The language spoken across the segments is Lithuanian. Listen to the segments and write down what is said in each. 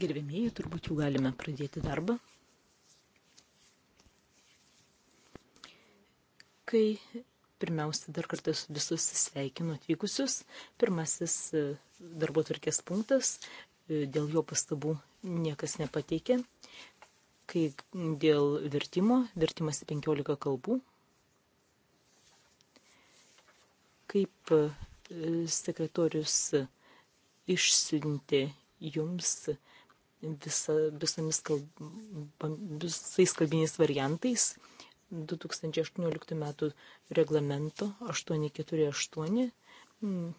Gerbėmėjai, turbūt jau galime pradėti darbą. Kai pirmiausia dar kartas visus sveikinu atvykusius, pirmasis e, darbo tvarkės punktas, e, dėl jo pastabų niekas nepateikė, kai dėl vertimo, vertimas į 15 kalbų, kaip e, sekretorius išsiuntė jums visa, visomis kalb, visais kalbiniais variantais 2018 metų reglamento 848 mm,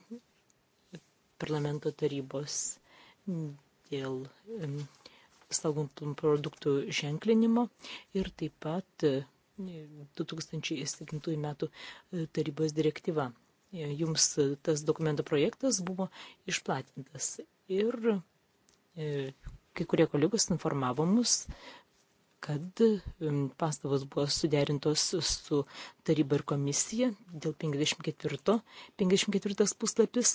parlamento tarybos dėl mm, saugomų produktų ženklinimo ir taip pat 2007 mm, metų e, tarybos direktyva. E, jums e, tas dokumento projektas buvo išplatintas. Ir e, kai kurie kolegos informavo mus, kad pastabos buvo suderintos su taryba ir komisija dėl 54, 54 puslapis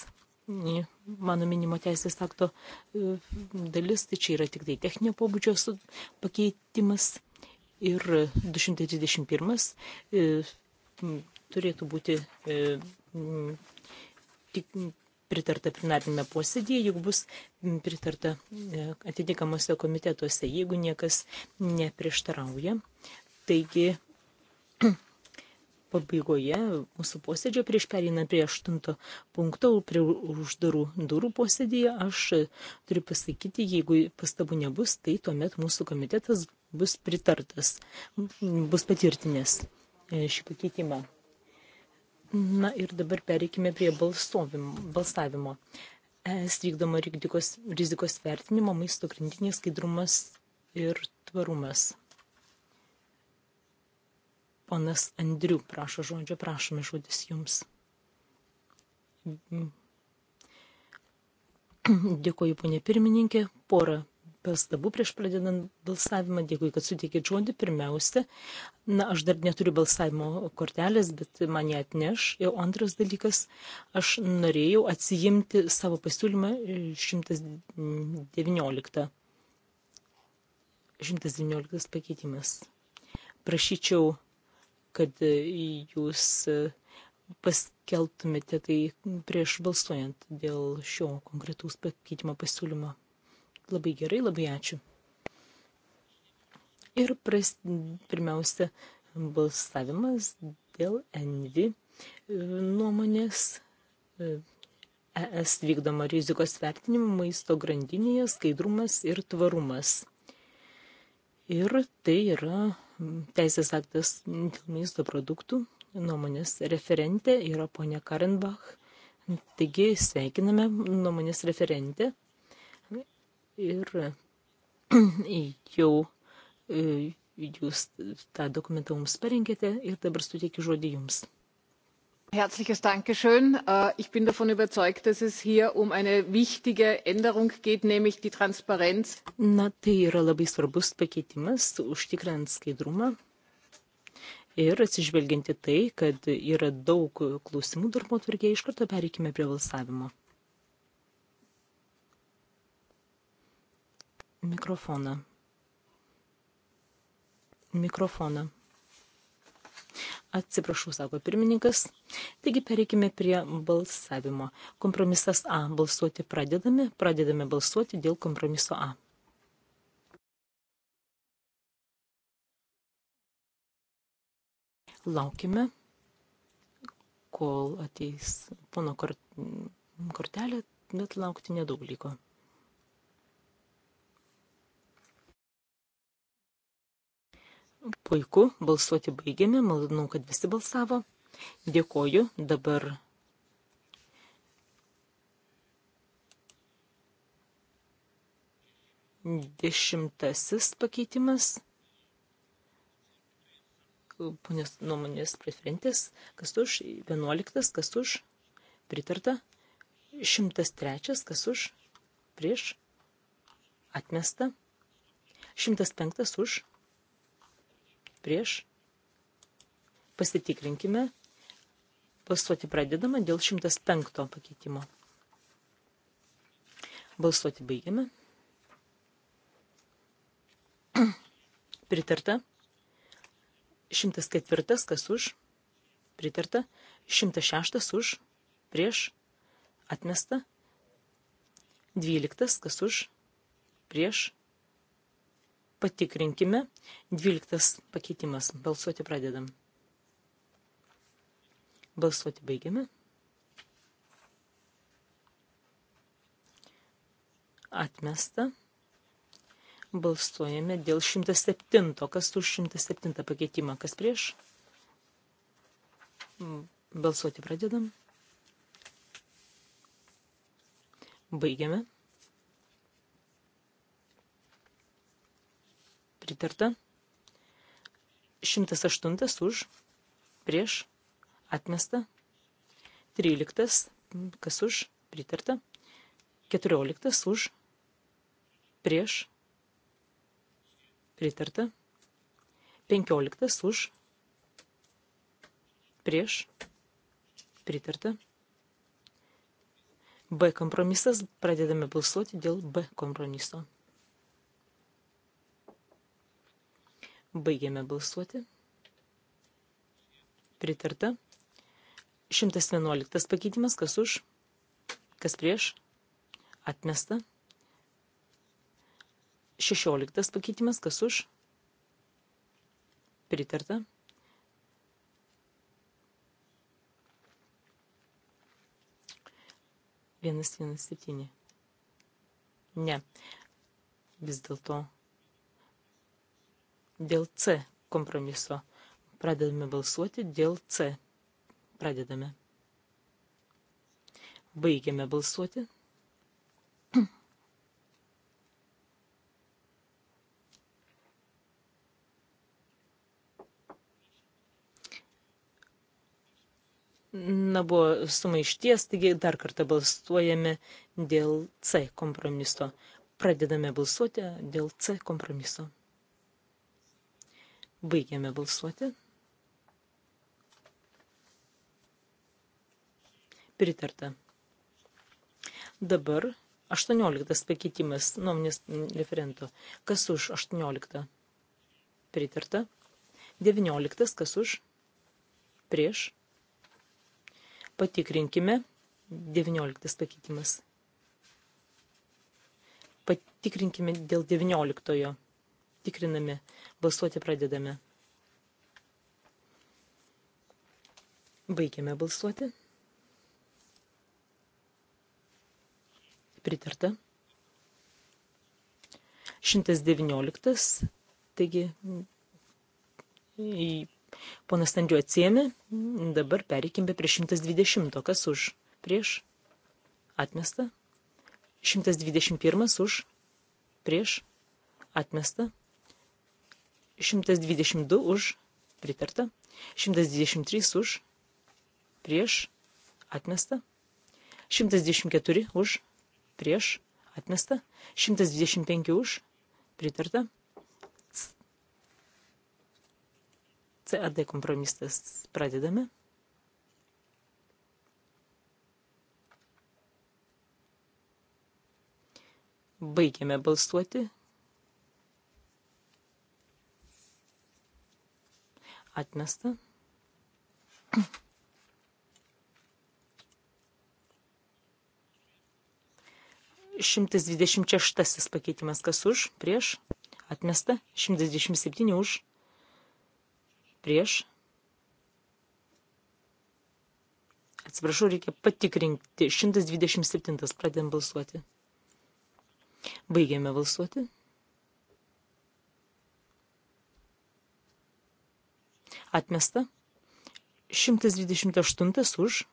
mano minimo teisės akto dalis, tai čia yra tik tai techninio pobūdžio pakeitimas ir 231 turėtų būti tik pritarta plenarinėme posėdėje, jeigu bus pritarta e, atitikamuose komitetuose, jeigu niekas neprieštarauja. Taigi, pabaigoje mūsų posėdžio prieš pereinant prie aštunto punkto, prie uždarų durų posėdėje, aš turiu pasakyti, jeigu pastabų nebus, tai tuomet mūsų komitetas bus pritartas, bus patvirtinęs e, šį pakeitimą. Na ir dabar pereikime prie balsavimo. Es vykdomo rizikos, rizikos vertinimo maisto grandinė skaidrumas ir tvarumas. Ponas Andriu prašo žodžio, prašome žodis jums. Dėkoju, ponė pirmininkė, porą pastabų prieš pradedant balsavimą. Dėkui, kad suteikėt žodį pirmiausia. Na, aš dar neturiu balsavimo kortelės, bet man ją atneš. Jau antras dalykas, aš norėjau atsijimti savo pasiūlymą 119. 119 pakeitimas. Prašyčiau, kad jūs paskelbtumėte tai prieš balsuojant dėl šio konkretaus pakeitimo pasiūlymo. Labai gerai, labai ačiū. Ir pras, pirmiausia, balsavimas dėl ENVI nuomonės ES e vykdomo rizikos vertinimo maisto grandinėje skaidrumas ir tvarumas. Ir tai yra teisės aktas dėl maisto produktų. Nuomonės referentė yra ponia Karenbach. Taigi sveikiname nuomonės referentę ir jau e, jūs tą dokumentą mums parengėte ir dabar suteikiu žodį jums. Herzliches Dankeschön. Äh, ich bin davon überzeugt, dass es hier um eine wichtige Änderung geht, nämlich die Transparenz. Na, tai yra labai svarbus pakeitimas, užtikrant skaidrumą. Ir atsižvelginti tai, kad yra daug klausimų darbo tvarkėje, iš karto pereikime prie balsavimo. mikrofoną. Mikrofoną. Atsiprašau, sako pirmininkas. Taigi pereikime prie balsavimo. Kompromisas A. Balsuoti pradedame. Pradedame balsuoti dėl kompromiso A. Laukime, kol ateis pono kortelė, bet laukti nedaug liko. Puiku, balsuoti baigėme, malonu, kad visi balsavo. Dėkoju, dabar dešimtasis pakeitimas. Ponios nuomonės preferentės, kas už, vienuoliktas, kas už, pritarta, šimtas trečias, kas už, prieš, atmesta, šimtas penktas už, prieš. Pasitikrinkime. Balsuoti pradedama dėl 105 pakeitimo. Balsuoti baigiame. Pritarta. 104 kas už. Pritarta. 106 už. Prieš. Atmesta. 12 kas už. Prieš patikrinkime. Dvyliktas pakeitimas. Balsuoti pradedam. Balsuoti baigiame. Atmesta. Balsuojame dėl 107. Kas už 107 pakeitimą? Kas prieš? Balsuoti pradedam. Baigiame. pritarta. 108 už, prieš, atmesta. 13 kas už, pritarta. 14 už, prieš, pritarta. 15 už, prieš, pritarta. B kompromisas, pradedame balsuoti dėl B kompromiso. Baigėme balsuoti. Pritarta. 111 pakeitimas, kas už, kas prieš, atmesta. 16 pakeitimas, kas už, pritarta. Vienas, vienas, septyni. Ne. Vis dėlto dėl C kompromiso. Pradedame balsuoti dėl C. Pradedame. Baigiame balsuoti. Na, buvo sumaišties, taigi dar kartą balsuojame dėl C kompromiso. Pradedame balsuoti dėl C kompromiso. Baigiame balsuoti. Pritarta. Dabar 18 pakeitimas nuomonės referento. Kas už 18? Pritarta. 19. Kas už? Prieš. Patikrinkime. 19 pakeitimas. Patikrinkime dėl 19. -ojo. Tikriname. Balsuoti pradedame. Baigiame balsuoti. Pritarta. 119. Taigi, ponas Standžiu atsiemė. Dabar pereikime prie 120. Kas už? Prieš? Atmesta. 121 už? Prieš? Atmesta. 122 už, pritarta, 123 už, prieš, atmesta, 124 už, prieš, atmesta, 125 už, pritarta. CAD kompromisas pradedame. Baigiame balsuoti. Atmesta. Šimtas dvidešimt šeštasis pakeitimas kas už, prieš, atmesta, šimtas dvidešimt septyni už, prieš. Atsiprašau, reikia patikrinti. 127 pradėm balsuoti. Baigėme balsuoti. atmesta. 128 už,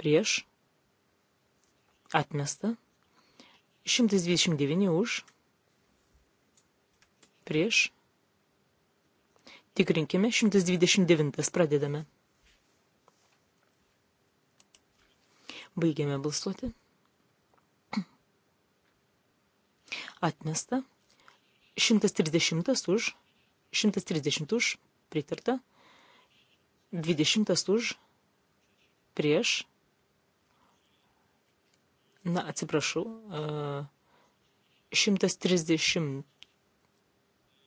prieš, atmesta. 129 už, prieš. Tikrinkime, 129 pradedame. Baigiame balsuoti. Atmesta. 130 už, 130 už, pritarta, 20 už, prieš, na atsiprašau, 130, e,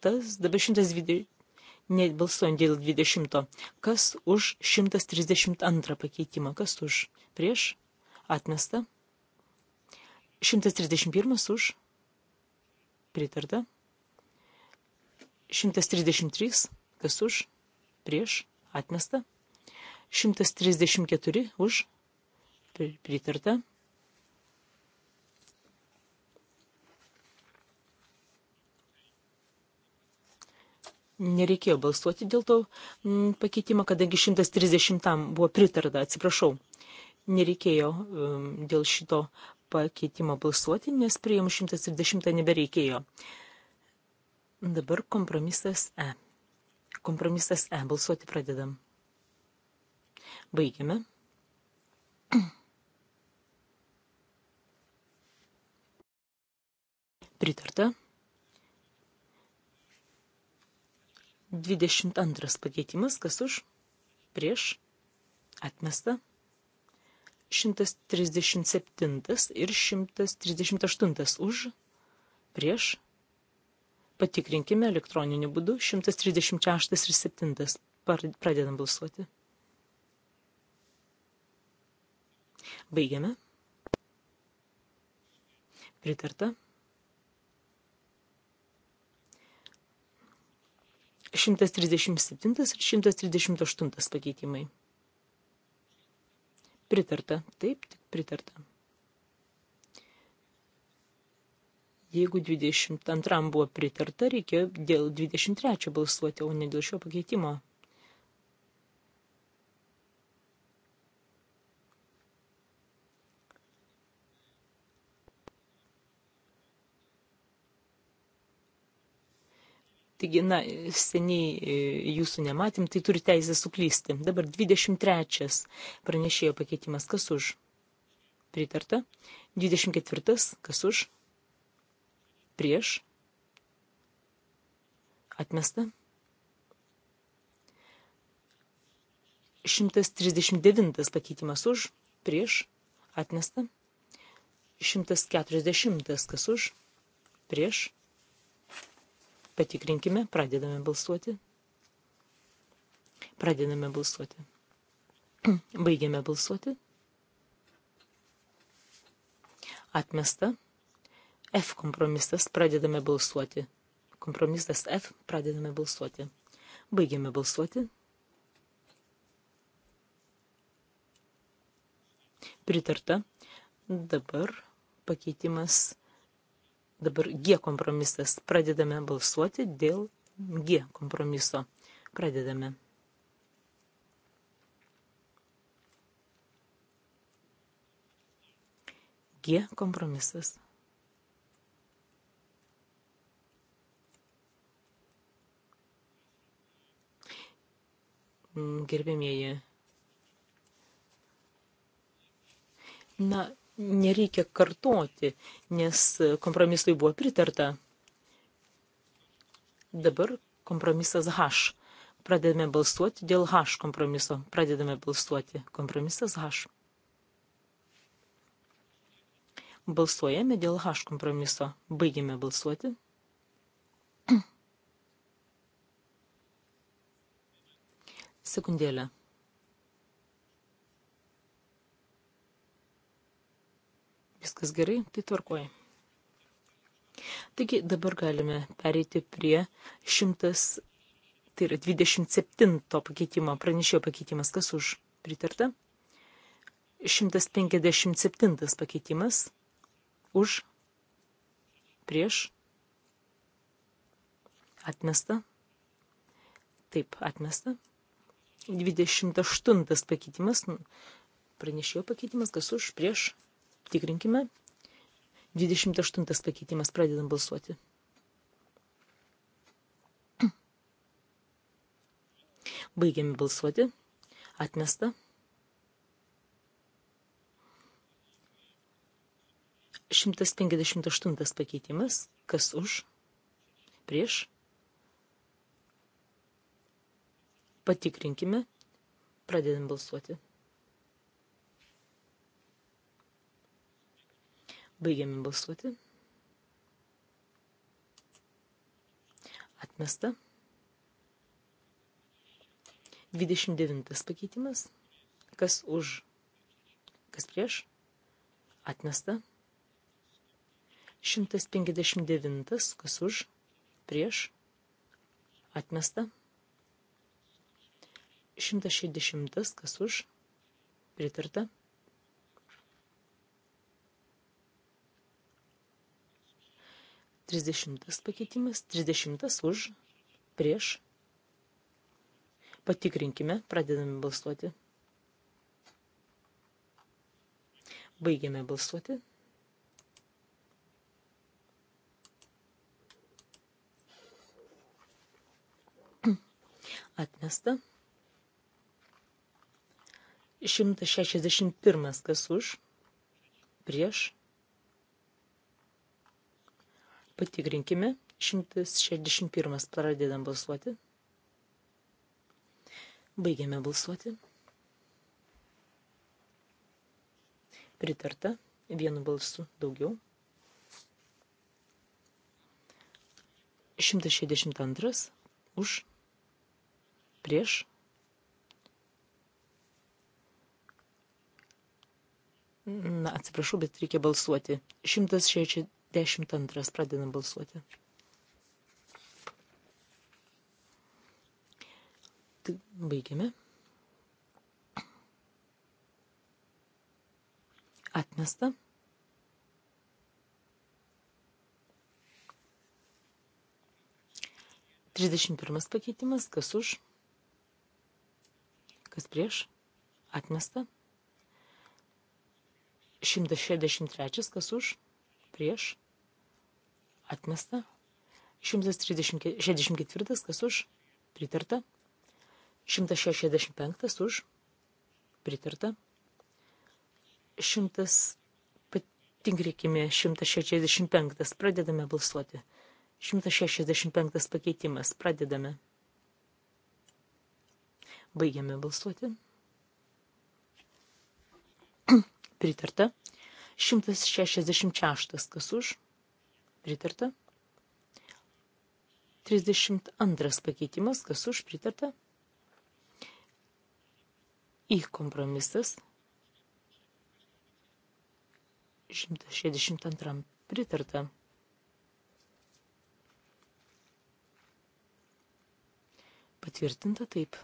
dabar 120, net balsuojant dėl 20, kas už 132 pakeitimą, kas už, prieš, atmesta, 131 už, pritarta, 133 kas už, prieš, atmesta, 134 už, pritarta. Nereikėjo balsuoti dėl to mm, pakeitimo, kadangi 130 buvo pritarta, atsiprašau. Nereikėjo mm, dėl šito pakeitimą balsuoti, nes priėmus 130 nebereikėjo. Dabar kompromisas E. Kompromisas E. Balsuoti pradedam. Baigiame. Pritarta. 22 pakeitimas, kas už, prieš, atmesta. 137 ir 138 už, prieš, Patikrinkime elektroniniu būdu 136 ir 7. Pradedam balsuoti. Baigiame. Pritarta. 137 ir 138 pakeitimai. Pritarta. Taip, tik pritarta. Jeigu 22 buvo pritarta, reikėjo dėl 23 balsuoti, o ne dėl šio pakeitimo. Taigi, na, seniai e, jūsų nematėm, tai turi teisę suklysti. Dabar 23 pranešėjo pakeitimas, kas už? Pritarta. 24, kas už? prieš, atmesta. 139 pakeitimas už, prieš, atmesta. 140 kas už, prieš. Patikrinkime, pradedame balsuoti. Pradedame balsuoti. Baigiame balsuoti. Atmesta. F kompromisas pradedame balsuoti. Kompromisas F pradedame balsuoti. Baigiame balsuoti. Pritarta. Dabar pakeitimas. Dabar G kompromisas. Pradedame balsuoti dėl G kompromiso. Pradedame. G kompromisas. Mm, gerbėmieji. Na, nereikia kartoti, nes kompromisui buvo pritarta. Dabar kompromisas H. Pradedame balsuoti dėl H kompromiso. Pradedame balsuoti. Kompromisas H. Balsuojame dėl H kompromiso. Baigėme balsuoti. Sekundėlę. Viskas gerai, tai tvarkoji. Taigi dabar galime pereiti prie 100, tai yra 27 pakeitimo, pranešėjo pakeitimas, kas už pritarta. 157 pakeitimas už prieš atmesta. Taip, atmesta. 28 pakeitimas, pranešėjo pakeitimas, kas už, prieš, tikrinkime. 28 pakeitimas, pradedam balsuoti. Baigiame balsuoti. Atmesta. Šimtas penkiasdešimt aštuntas pakeitimas. Kas už? Prieš? Patikrinkime. Pradedam balsuoti. Baigiame balsuoti. Atmesta. 29 pakeitimas. Kas už, kas prieš. Atmesta. 159. Kas už, prieš. Atmesta. 160 kas už, pritarta. Trisdešimtas pakeitimas, trisdešimtas už, prieš. Patikrinkime, pradedame balsuoti. Baigiame balsuoti. Atmesta. 161 kas už, prieš. Patikrinkime. 161 pradedam balsuoti. Baigiame balsuoti. Pritarta vienu balsu daugiau. 162 už prieš Na, atsiprašau, bet reikia balsuoti. 162 pradedam balsuoti. Tai baigiame. Atmesta. Trisdešimt pirmas pakeitimas. Kas už? Kas prieš? Atmesta. 163 kas už, prieš, atmesta. 164 kas už, pritarta. 165 už, pritarta. 100, patikrinkime 165, pradedame balsuoti. 165 pakeitimas, pradedame. Baigiame balsuoti pritarta. 166 kas už, pritarta. 32 pakeitimas kas už, pritarta. Į kompromisas 162 pritarta. Patvirtinta taip.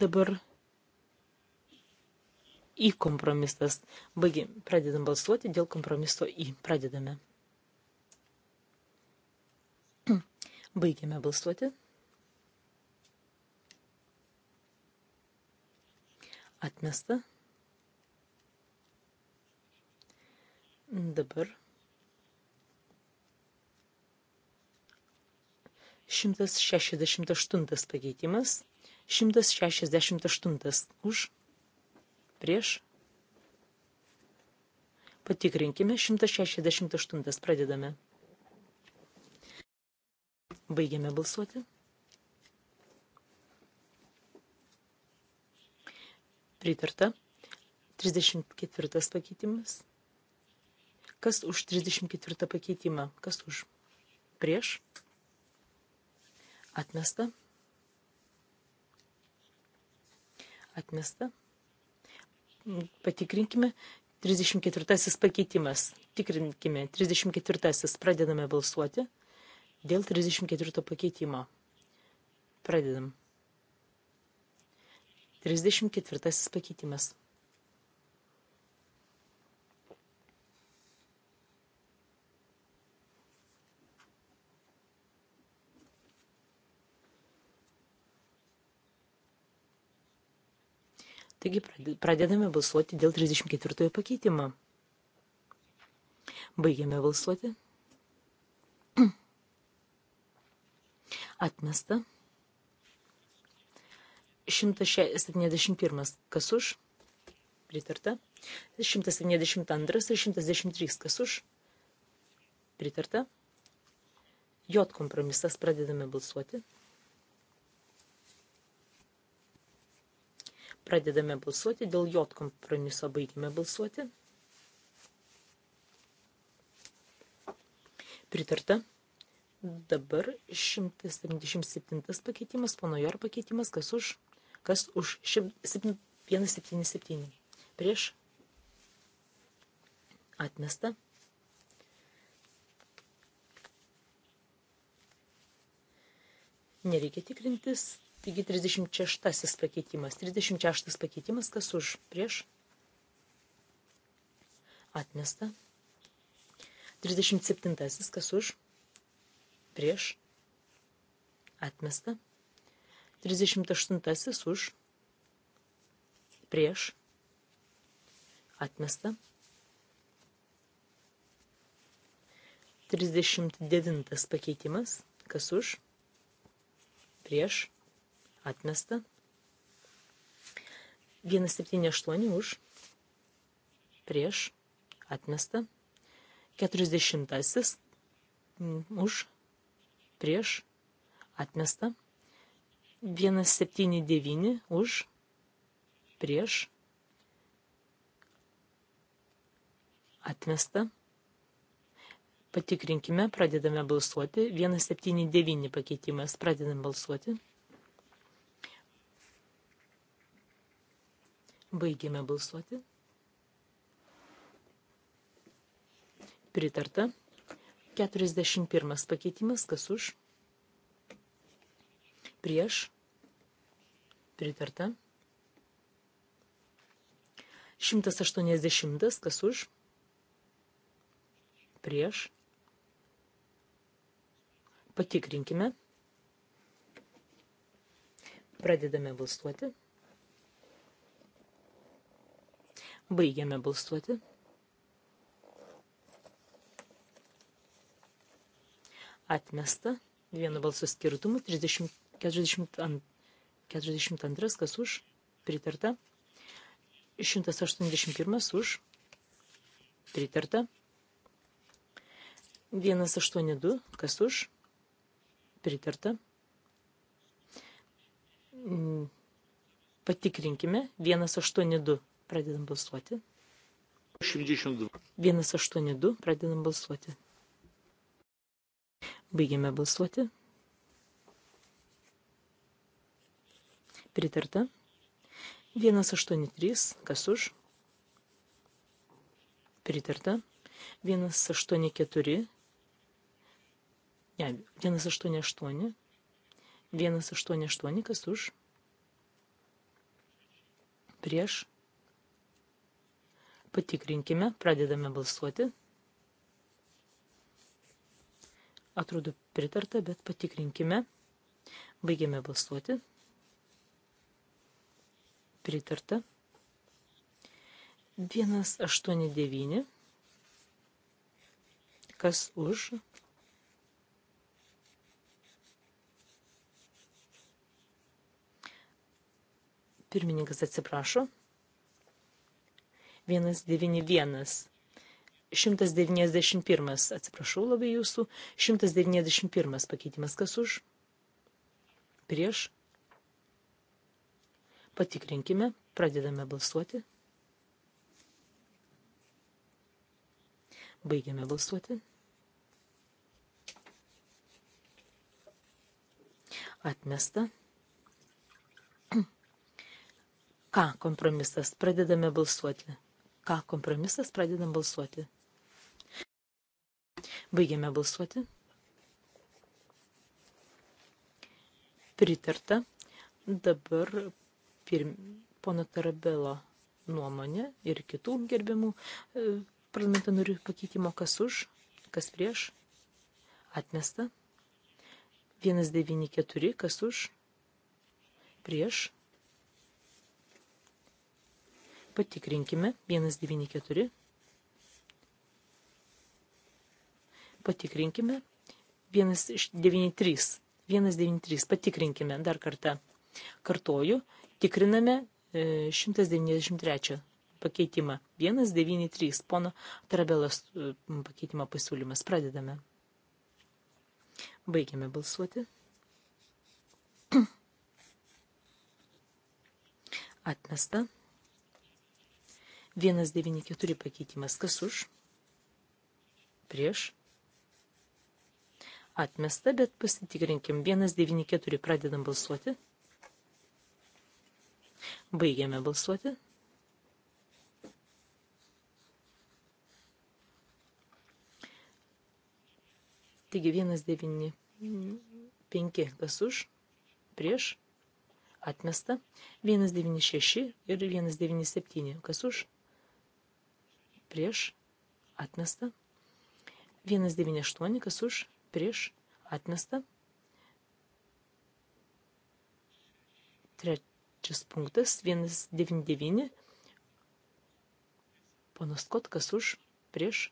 Dabar į kompromisas. Baigi, pradedam balsuoti dėl kompromiso į. Pradedame. Baigiame balsuoti. Atmesta. Dabar 168 pakeitimas. 168 už prieš. Patikrinkime 168. Pradedame. Baigiame balsuoti. Pritarta. 34 pakeitimas. Kas už 34 pakeitimą? Kas už? Prieš. Atmesta. Atmesta patikrinkime. 34 pakeitimas. Tikrinkime. 34. Pradedame balsuoti dėl 34 pakeitimo. Pradedam. 34 pakeitimas. Taigi pradedame balsuoti dėl 34 pakeitimą. Baigiame balsuoti. Atmesta. 171 kas už. Pritarta. 172 ir 113 kas už. Pritarta. J kompromisas pradedame balsuoti. Pradedame balsuoti dėl J kompromiso, baigime balsuoti. Pritarta. Dabar 177 pakeitimas, pono Jor pakeitimas, kas už, kas už 177. Prieš atmesta. Nereikia tikrintis, Taigi 36 pakeitimas. 36 pakeitimas, kas už prieš atmesta. 37 kas už prieš atmesta. 38 už prieš atmesta. 39 pakeitimas, kas už prieš atmesta atmesta. 178 už, prieš, atmesta. 40 mm, už, prieš, atmesta. 179 už, prieš, atmesta. Patikrinkime, pradedame balsuoti. 179 pakeitimas, pradedam balsuoti. Baigėme balsuoti. Pritarta. 41 pakeitimas, kas už? Prieš. Pritarta. 180, kas už? Prieš. Patikrinkime. Pradedame balsuoti. Baigiame balsuoti. Atmesta. Vienu balsu skirtumu. 30, 42, 42 kas už. Pritarta. 181 už. Pritarta. 182 kas už. Pritarta. Patikrinkime. 182. Pradedam balsuoti. 182. Pradedam balsuoti. Baigiame balsuoti. Pritarta. 183. Kas už? Pritarta. 184. Ne, 188. 188. Kas už? Prieš. Patikrinkime, pradedame balsuoti. Atrodo pritarta, bet patikrinkime. Baigiame balsuoti. Pritarta. 189. Kas už? Pirmininkas atsiprašo. 191. 191, atsiprašau labai jūsų, 191 pakeitimas kas už? Prieš? Patikrinkime, pradedame balsuoti. Baigiame balsuoti. Atmesta. Ką kompromisas? Pradedame balsuoti. Ką kompromisas pradedam balsuoti? Baigiame balsuoti. Pritarta. Dabar pirm... pono Tarabelo nuomonė ir kitų gerbimų e, parlamento narių pakeitimo, kas už, kas prieš, atmesta. 194, kas už, prieš, Patikrinkime. 194. Patikrinkime. 193. 193. Patikrinkime dar kartą. Kartoju. Tikriname 193 e, pakeitimą. 193. Pono Trabelas e, pakeitimo pasiūlymas. Pradedame. Baigiame balsuoti. Atmesta. 194 pakeitimas. Kas už? Prieš. Atmesta, bet pasitikrinkim. 194 pradedam balsuoti. Baigiame balsuoti. Taigi 195 kas už, prieš, atmesta, 196 ir 197 kas už, prieš atmestą. 198, kas už, prieš atmestą. Trečias punktas, 199. Ponas Kotkas už, prieš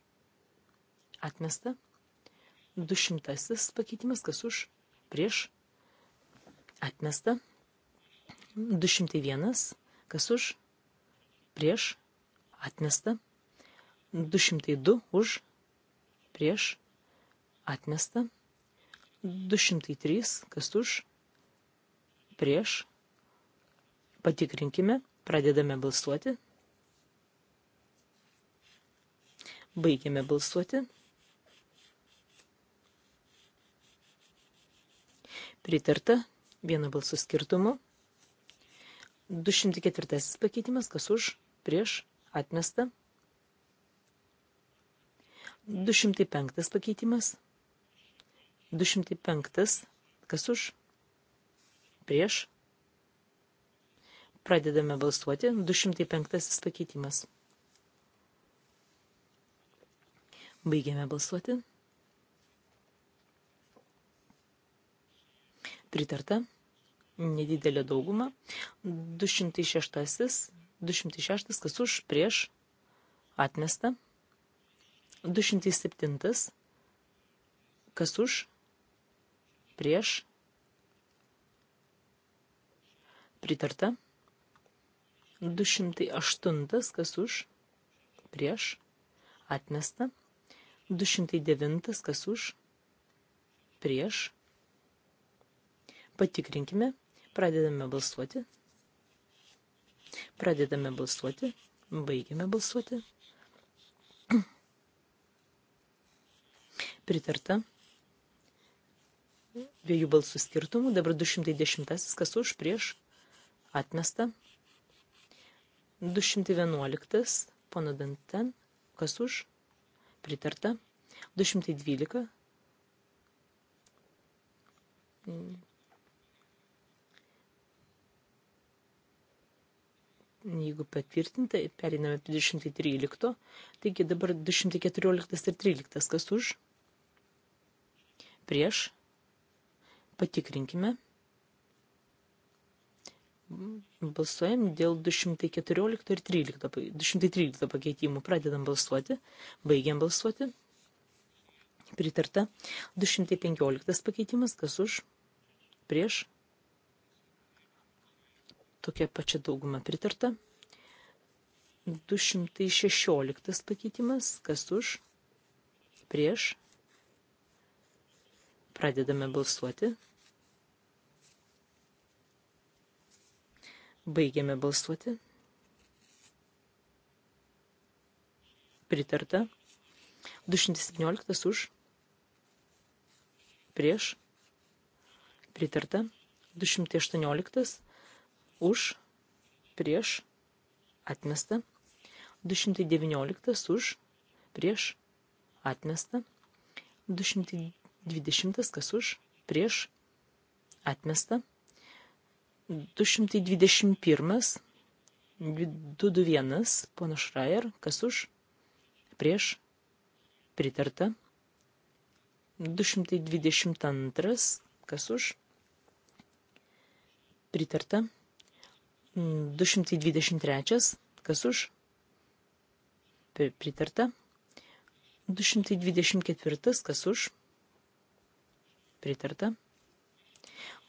atmestą. 200 pakeitimas, kas už, prieš atmestą. 201, kas už, prieš atmestą. 202 už, prieš, atmesta. 203, kas už, prieš. Patikrinkime, pradedame balsuoti. Baigiame balsuoti. Pritarta vieno balsų skirtumu. 204 pakeitimas, kas už, prieš, atmesta. 205 pakeitimas. 205. Kas už? Prieš. Pradedame balsuoti. 205 pakeitimas. Baigiame balsuoti. Pritarta. Nedidelė dauguma. 206. 206. Kas už? Prieš. Atmesta. 207. Kas už? Prieš? Pritarta. 208. Kas už? Prieš? Atmesta. 209. Kas už? Prieš? Patikrinkime. Pradedame balsuoti. Pradedame balsuoti. Baigiame balsuoti. pritarta dviejų balsų skirtumų, dabar 210, kas už, prieš, atmesta. 211, pono Danten, kas už, pritarta. 212, jeigu patvirtinta, periname 213, taigi dabar 214 ir 13, kas už, prieš, patikrinkime. Balsuojam dėl 214 ir 13, 213 pakeitimų. Pradedam balsuoti, baigiam balsuoti. Pritarta. 215 pakeitimas, kas už, prieš. Tokia pačia dauguma pritarta. 216 pakeitimas, kas už, prieš Pradedame balsuoti. Baigiame balsuoti. Pritarta. 217 už. Prieš. Pritarta. 218 už. Prieš. Atmesta. 219 už. Prieš. Atmesta. 220 20 kas už, prieš, atmesta. 221, 221, pono Šrajer, kas už, prieš, pritarta. 222, kas už, pritarta. 223, kas už, pritarta. 224, kas už, pritarta pritarta.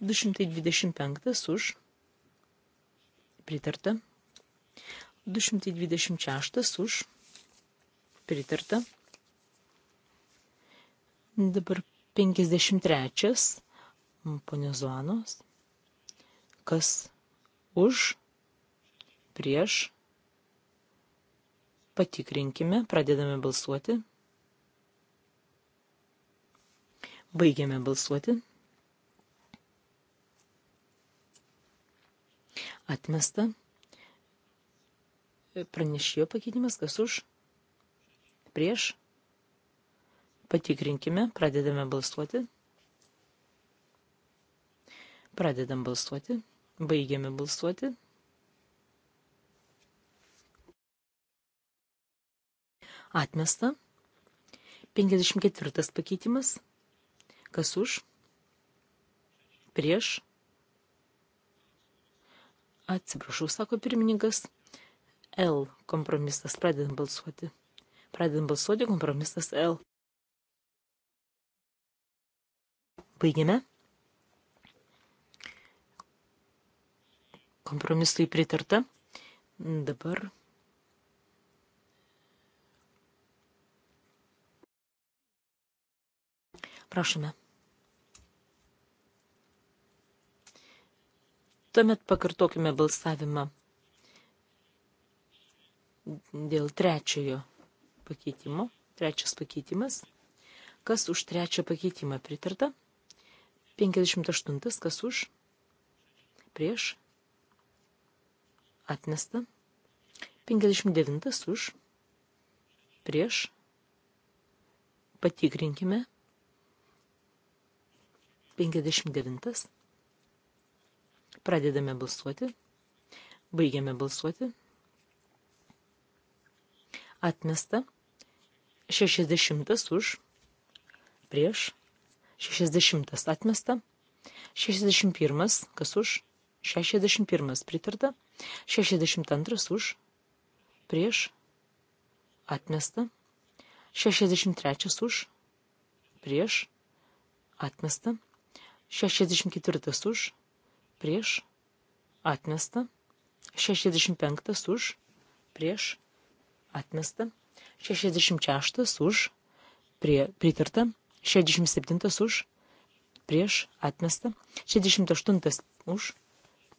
225 už pritarta. 226 už pritarta. Dabar 53 ponio Zuanos. Kas už, prieš. Patikrinkime, pradedame balsuoti. Baigėme balsuoti. Atmesta. Pranešėjo pakeitimas, kas už? Prieš. Patikrinkime, pradedame balsuoti. Pradedam balsuoti. Baigiame balsuoti. Atmesta. 54 pakeitimas. Kas už? Prieš? Atsiprašau, sako pirmininkas. L kompromisas. Pradedam balsuoti. Pradedam balsuoti kompromisas L. Baigime. Kompromisui pritarta. Dabar. Prašome. Tuomet pakartokime balsavimą dėl trečiojo pakeitimo. Trečias pakeitimas. Kas už trečią pakeitimą pritarta? 58. Kas už? Prieš? Atmesta. 59. Už? Prieš? Patikrinkime. 59. Pradedame balsuoti. Baigiame balsuoti. Atmesta. 60 už. Prieš. 60 atmesta. 61 kas už. 61 pritarta. 62 už. Prieš. Atmesta. 63 už. Prieš. Atmesta. 64 už prieš atmestą, 65 už prieš atmestą, 66 už prie, pritarta, 67 už prieš atmestą, 68 už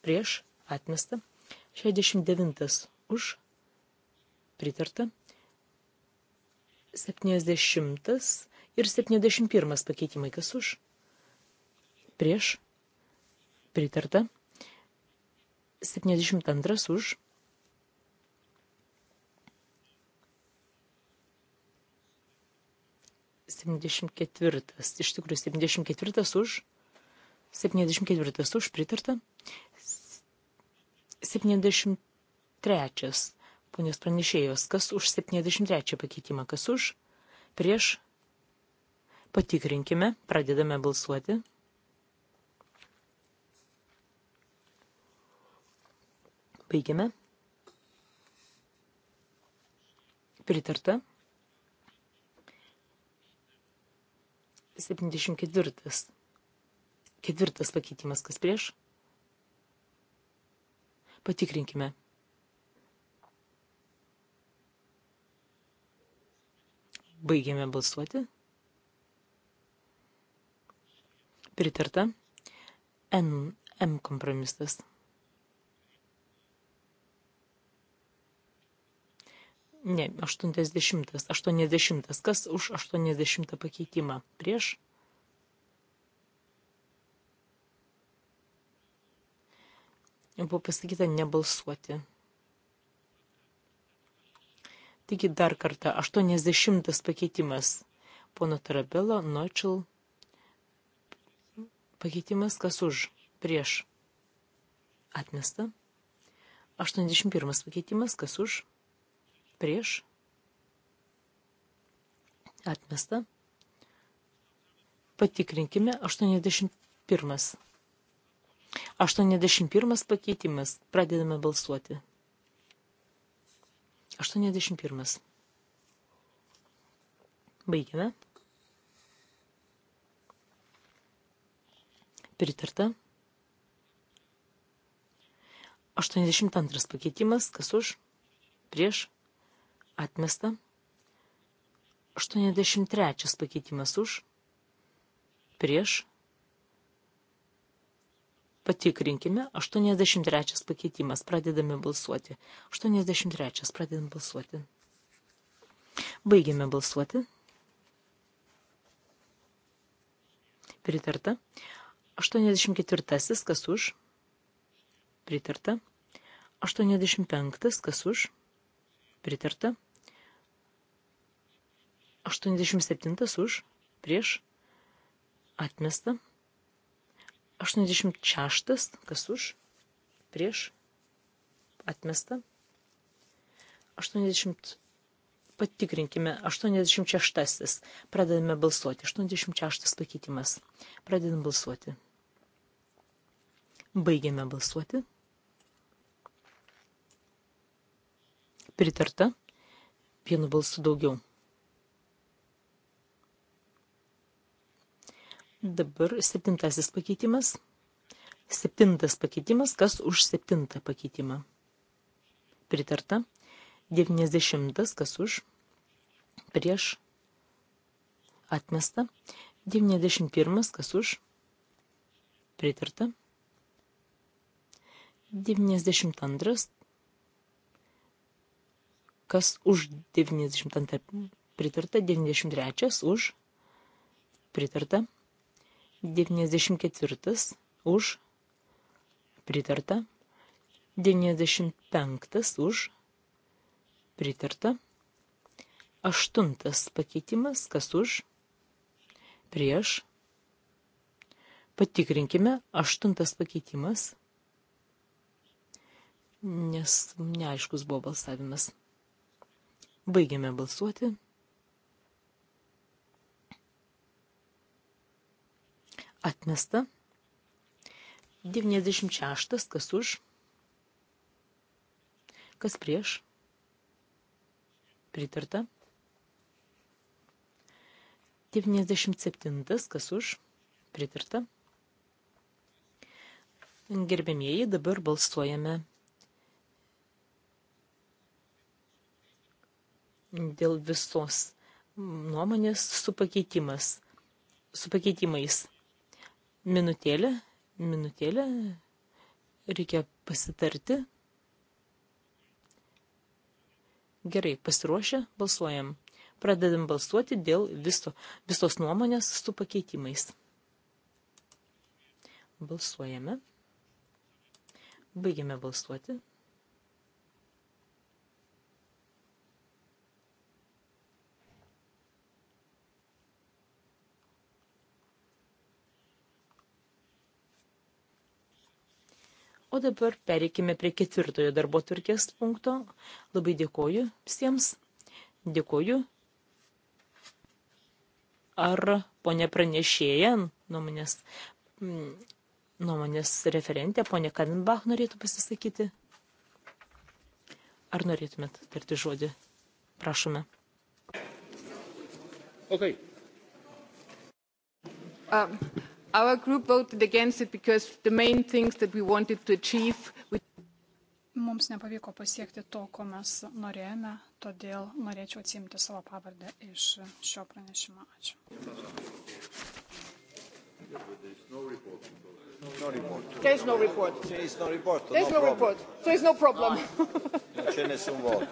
prieš atmestą, 69 už pritarta, 70 ir 71 pakeitimai kas už prieš atmestą pritarta. 72 už. Septyniasdešimt ketvirtas, iš tikrųjų, septyniasdešimt ketvirtas už, septyniasdešimt ketvirtas už pritarta, septyniasdešimt trečias, ponios pranešėjos, kas už septyniasdešimt trečią pakeitimą, kas už, prieš, patikrinkime, pradedame balsuoti. Baigiame. Pritarta. 74. Ketvirtas pakeitimas, kas prieš? Patikrinkime. Baigėme balsuoti. Pritarta. N. M kompromisas. Ne, 80, 80. Kas už 80 pakeitimą? Prieš? Buvo pasakyta nebalsuoti. Taigi dar kartą, 80 pakeitimas. Pono Tarabelo, Nočil. Pakeitimas kas už? Prieš. Atmesta. 81 pakeitimas kas už? prieš, atmesta. Patikrinkime 81. 81 pakeitimas. Pradedame balsuoti. 81. Baigiame. Pritarta. 82 pakeitimas. Kas už? Prieš. Atmesta. 83 pakeitimas už. Prieš. Patikrinkime. 83 pakeitimas. Pradedame balsuoti. 83 pradedame balsuoti. Baigiame balsuoti. Pritarta. 84 kas už. Pritarta. 85 kas už. Pritarta. 87 už, prieš, atmesta. 86 kas už, prieš, atmesta. 80 patikrinkime 86. Pradedame balsuoti. 86 pakeitimas. Pradedame balsuoti. Baigiame balsuoti. Pritarta. Vienu balsu daugiau. Dabar septintasis pakeitimas. Septintas pakeitimas, kas už septintą pakeitimą. Pritarta. Devyniasdešimtas, kas už. Prieš. Atmesta. Devyniasdešimt pirmas, kas už. Pritarta. Devyniasdešimt antras, kas už 92 pritarta, 93 už pritarta, 94 už pritarta, 95 už pritarta, 8 pakeitimas kas už prieš. Patikrinkime, 8 pakeitimas, nes neaiškus buvo balsavimas. Baigiame balsuoti. atmesta. 96. Kas už? Kas prieš? Pritarta. 97. Kas už? Pritarta. Gerbėmieji, dabar balsuojame dėl visos nuomonės su pakeitimas. Su pakeitimais. Minutėlė, minutėlė, reikia pasitarti. Gerai, pasiruošę, balsuojam. Pradedam balsuoti dėl viso, visos nuomonės su pakeitimais. Balsuojame. Baigiame balsuoti. O dabar pereikime prie ketvirtojo darbo tvarkės punkto. Labai dėkoju visiems. Dėkoju. Ar ponė pranešėja nuomonės, mm, nuomonės referentė, ponė Kadenbach norėtų pasisakyti? Ar norėtumėt tarti žodį? Prašome. Okay. Um, our group voted against it because the main things that we wanted to achieve with Mums nepavyko pasiekti to, ko mes norėjome, todėl norėčiau atsimti savo pavardę iš šio pranešimo. Ačiū. No report. There is no report. There is no report. There is no report. So it's no problem. No, c'è nessun voto.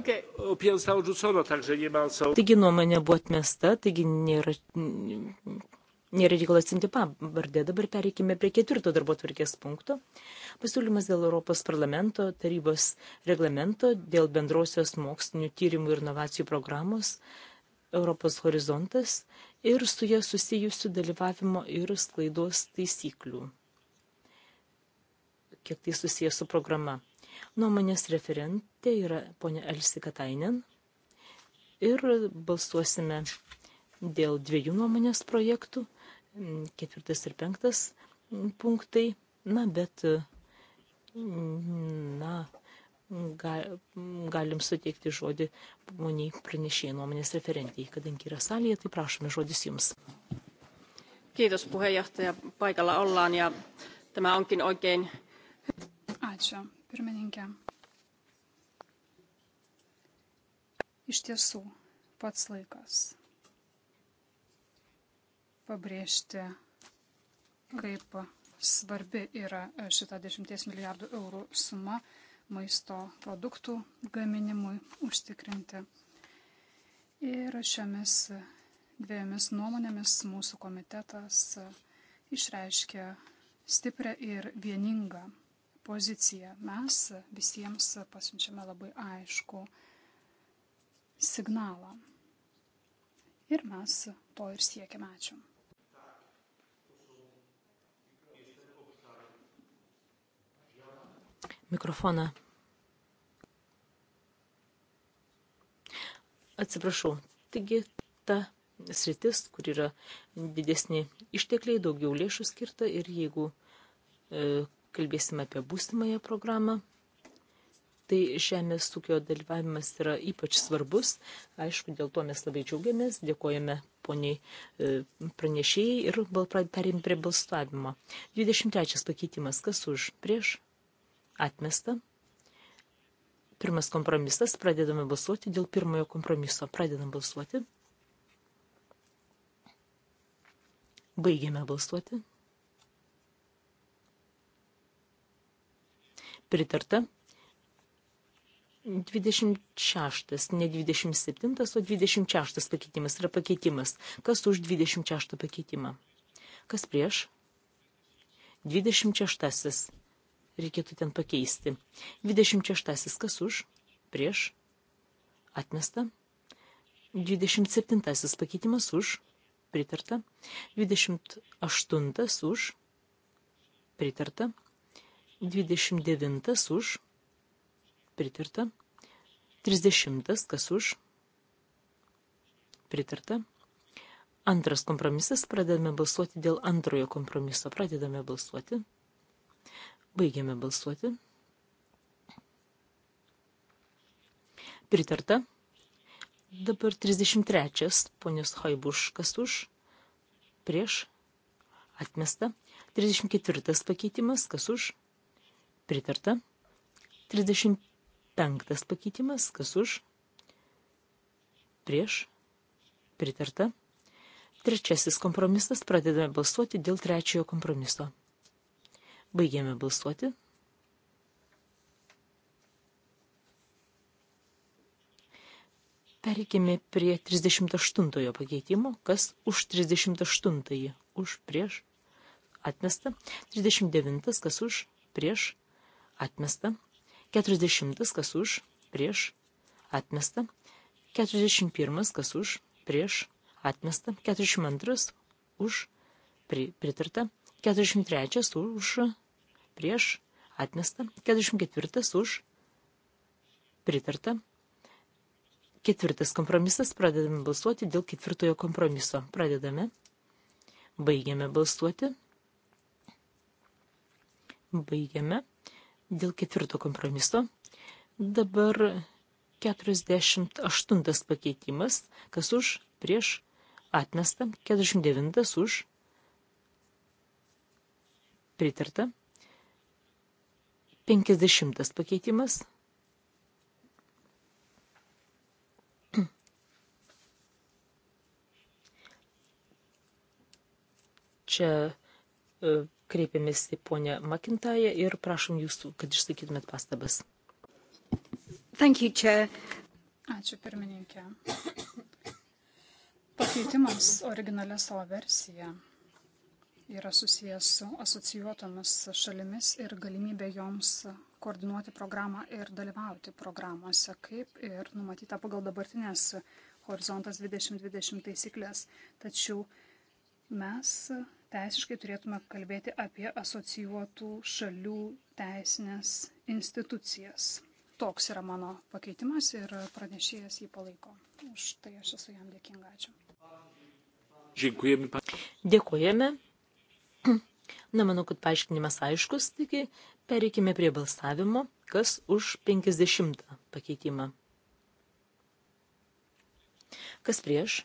Okay. Taigi nuomonė buvo atmesta, taigi nėra, nėra reikalo atsinti pavardę. Dabar pereikime prie ketvirto darbo tvarkės punkto. Pasiūlymas dėl Europos parlamento tarybos reglamento dėl bendrosios mokslinių tyrimų ir inovacijų programos Europos horizontas ir su jie susijusių dalyvavimo ir sklaidos taisyklių, kiek tai susijęs su programa. Nuomonės referentė yra ponė Elsi Katainen. Ir balsuosime dėl dviejų nuomonės projektų, ketvirtas ir penktas punktai. Na, bet, na, ga, galim suteikti žodį poniai pranešėjai nuomonės referentijai, kadangi yra salėje, tai prašome žodis jums. Kiitos puheenjohtaja, paikalla ollaan ja tämä onkin oikein. Ačiū Pirmininkė. Iš tiesų, pats laikas pabrėžti, kaip svarbi yra šita 10 milijardų eurų suma maisto produktų gaminimui užtikrinti. Ir šiomis dviejomis nuomonėmis mūsų komitetas išreiškia stiprią ir vieningą poziciją. Mes visiems pasiunčiame labai aišku signalą. Ir mes to ir siekiame. Ačiū. Mikrofoną. Atsiprašau. Taigi ta sritis, kur yra didesni ištekliai, daugiau lėšų skirta ir jeigu e, kalbėsime apie būsimąją programą, tai žemės ūkio dalyvavimas yra ypač svarbus. Aišku, dėl to mes labai džiaugiamės, dėkojame poniai e, pranešėjai ir perėm prie balsavimo. 23 pakeitimas, kas už, prieš, atmesta. Pirmas kompromisas, pradedame balsuoti dėl pirmojo kompromiso. Pradedam balsuoti. Baigiame balsuoti. pritarta. 26, ne 27, o 26 pakeitimas yra pakeitimas. Kas už 26 pakeitimą? Kas prieš? 26. Reikėtų ten pakeisti. 26. Kas už? Prieš? Atmesta. 27. Pakeitimas už? Pritarta. 28. Už? Pritarta. 29 už, pritarta. 30 kas už, pritarta. Antras kompromisas, pradedame balsuoti dėl antrojo kompromiso, pradedame balsuoti. Baigiame balsuoti. Pritarta. Dabar 33. Ponios Haibuš, kas už? Prieš. Atmesta. 34. Pakeitimas, kas už? pritarta. 35 pakeitimas, kas už, prieš, pritarta. Trečiasis kompromisas, pradedame balsuoti dėl trečiojo kompromiso. Baigėme balsuoti. Pereikime prie 38 pakeitimo, kas už 38, už prieš, atmesta, 39, kas už prieš, atmesta, 40 kas už, prieš, atmesta, 41 kas už, prieš, atmesta, 42 už, pri, pritarta, 43 už, prieš, atmesta, 44 už, pritarta. Ketvirtas kompromisas, pradedame balsuoti dėl ketvirtojo kompromiso. Pradedame, baigiame balsuoti, baigiame. Dėl ketvirto kompromiso. Dabar 48 pakeitimas, kas už, prieš, atmesta, 49 už, pritarta, 50 pakeitimas, čia e, kreipiamės į ponę Makintają ir prašom jūsų, kad išsakytumėt pastabas. Thank you, Chair. Ačiū pirmininkė. Pakeitimas originalią savo versiją yra susijęs su asocijuotomis šalimis ir galimybė joms koordinuoti programą ir dalyvauti programuose, kaip ir numatyta pagal dabartinės Horizontas 2020 taisyklės. Tačiau mes teisiškai turėtume kalbėti apie asocijuotų šalių teisinės institucijas. Toks yra mano pakeitimas ir pranešėjas jį palaiko. Už tai aš esu jam dėkinga. Ačiū. Dėkujame. Dėkujame. Na, manau, kad paaiškinimas aiškus, taigi pereikime prie balsavimo, kas už 50 pakeitimą. Kas prieš?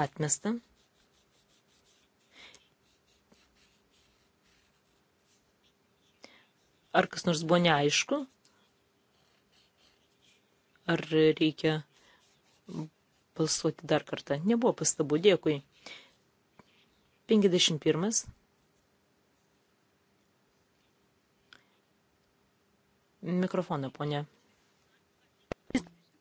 Atmesta. Ar kas nors buvo neaišku? Ar reikia balsuoti dar kartą? Nebuvo pastabų, dėkui. 51. Mikrofoną, ponė.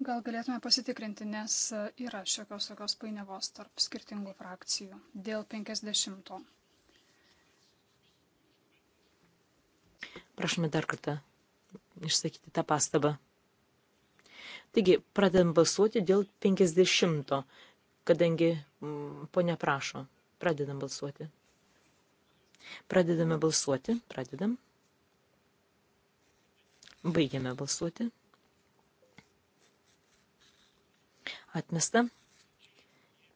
Gal galėtume pasitikrinti, nes e, yra šiokios tokios painiavos tarp skirtingų frakcijų dėl 50. Prašome dar kartą išsakyti tą pastabą. Taigi, pradedam balsuoti dėl 50, kadangi mm, ponia prašo. Pradedam balsuoti. Pradedame balsuoti. Pradedam. Baigiame balsuoti. Atmesta.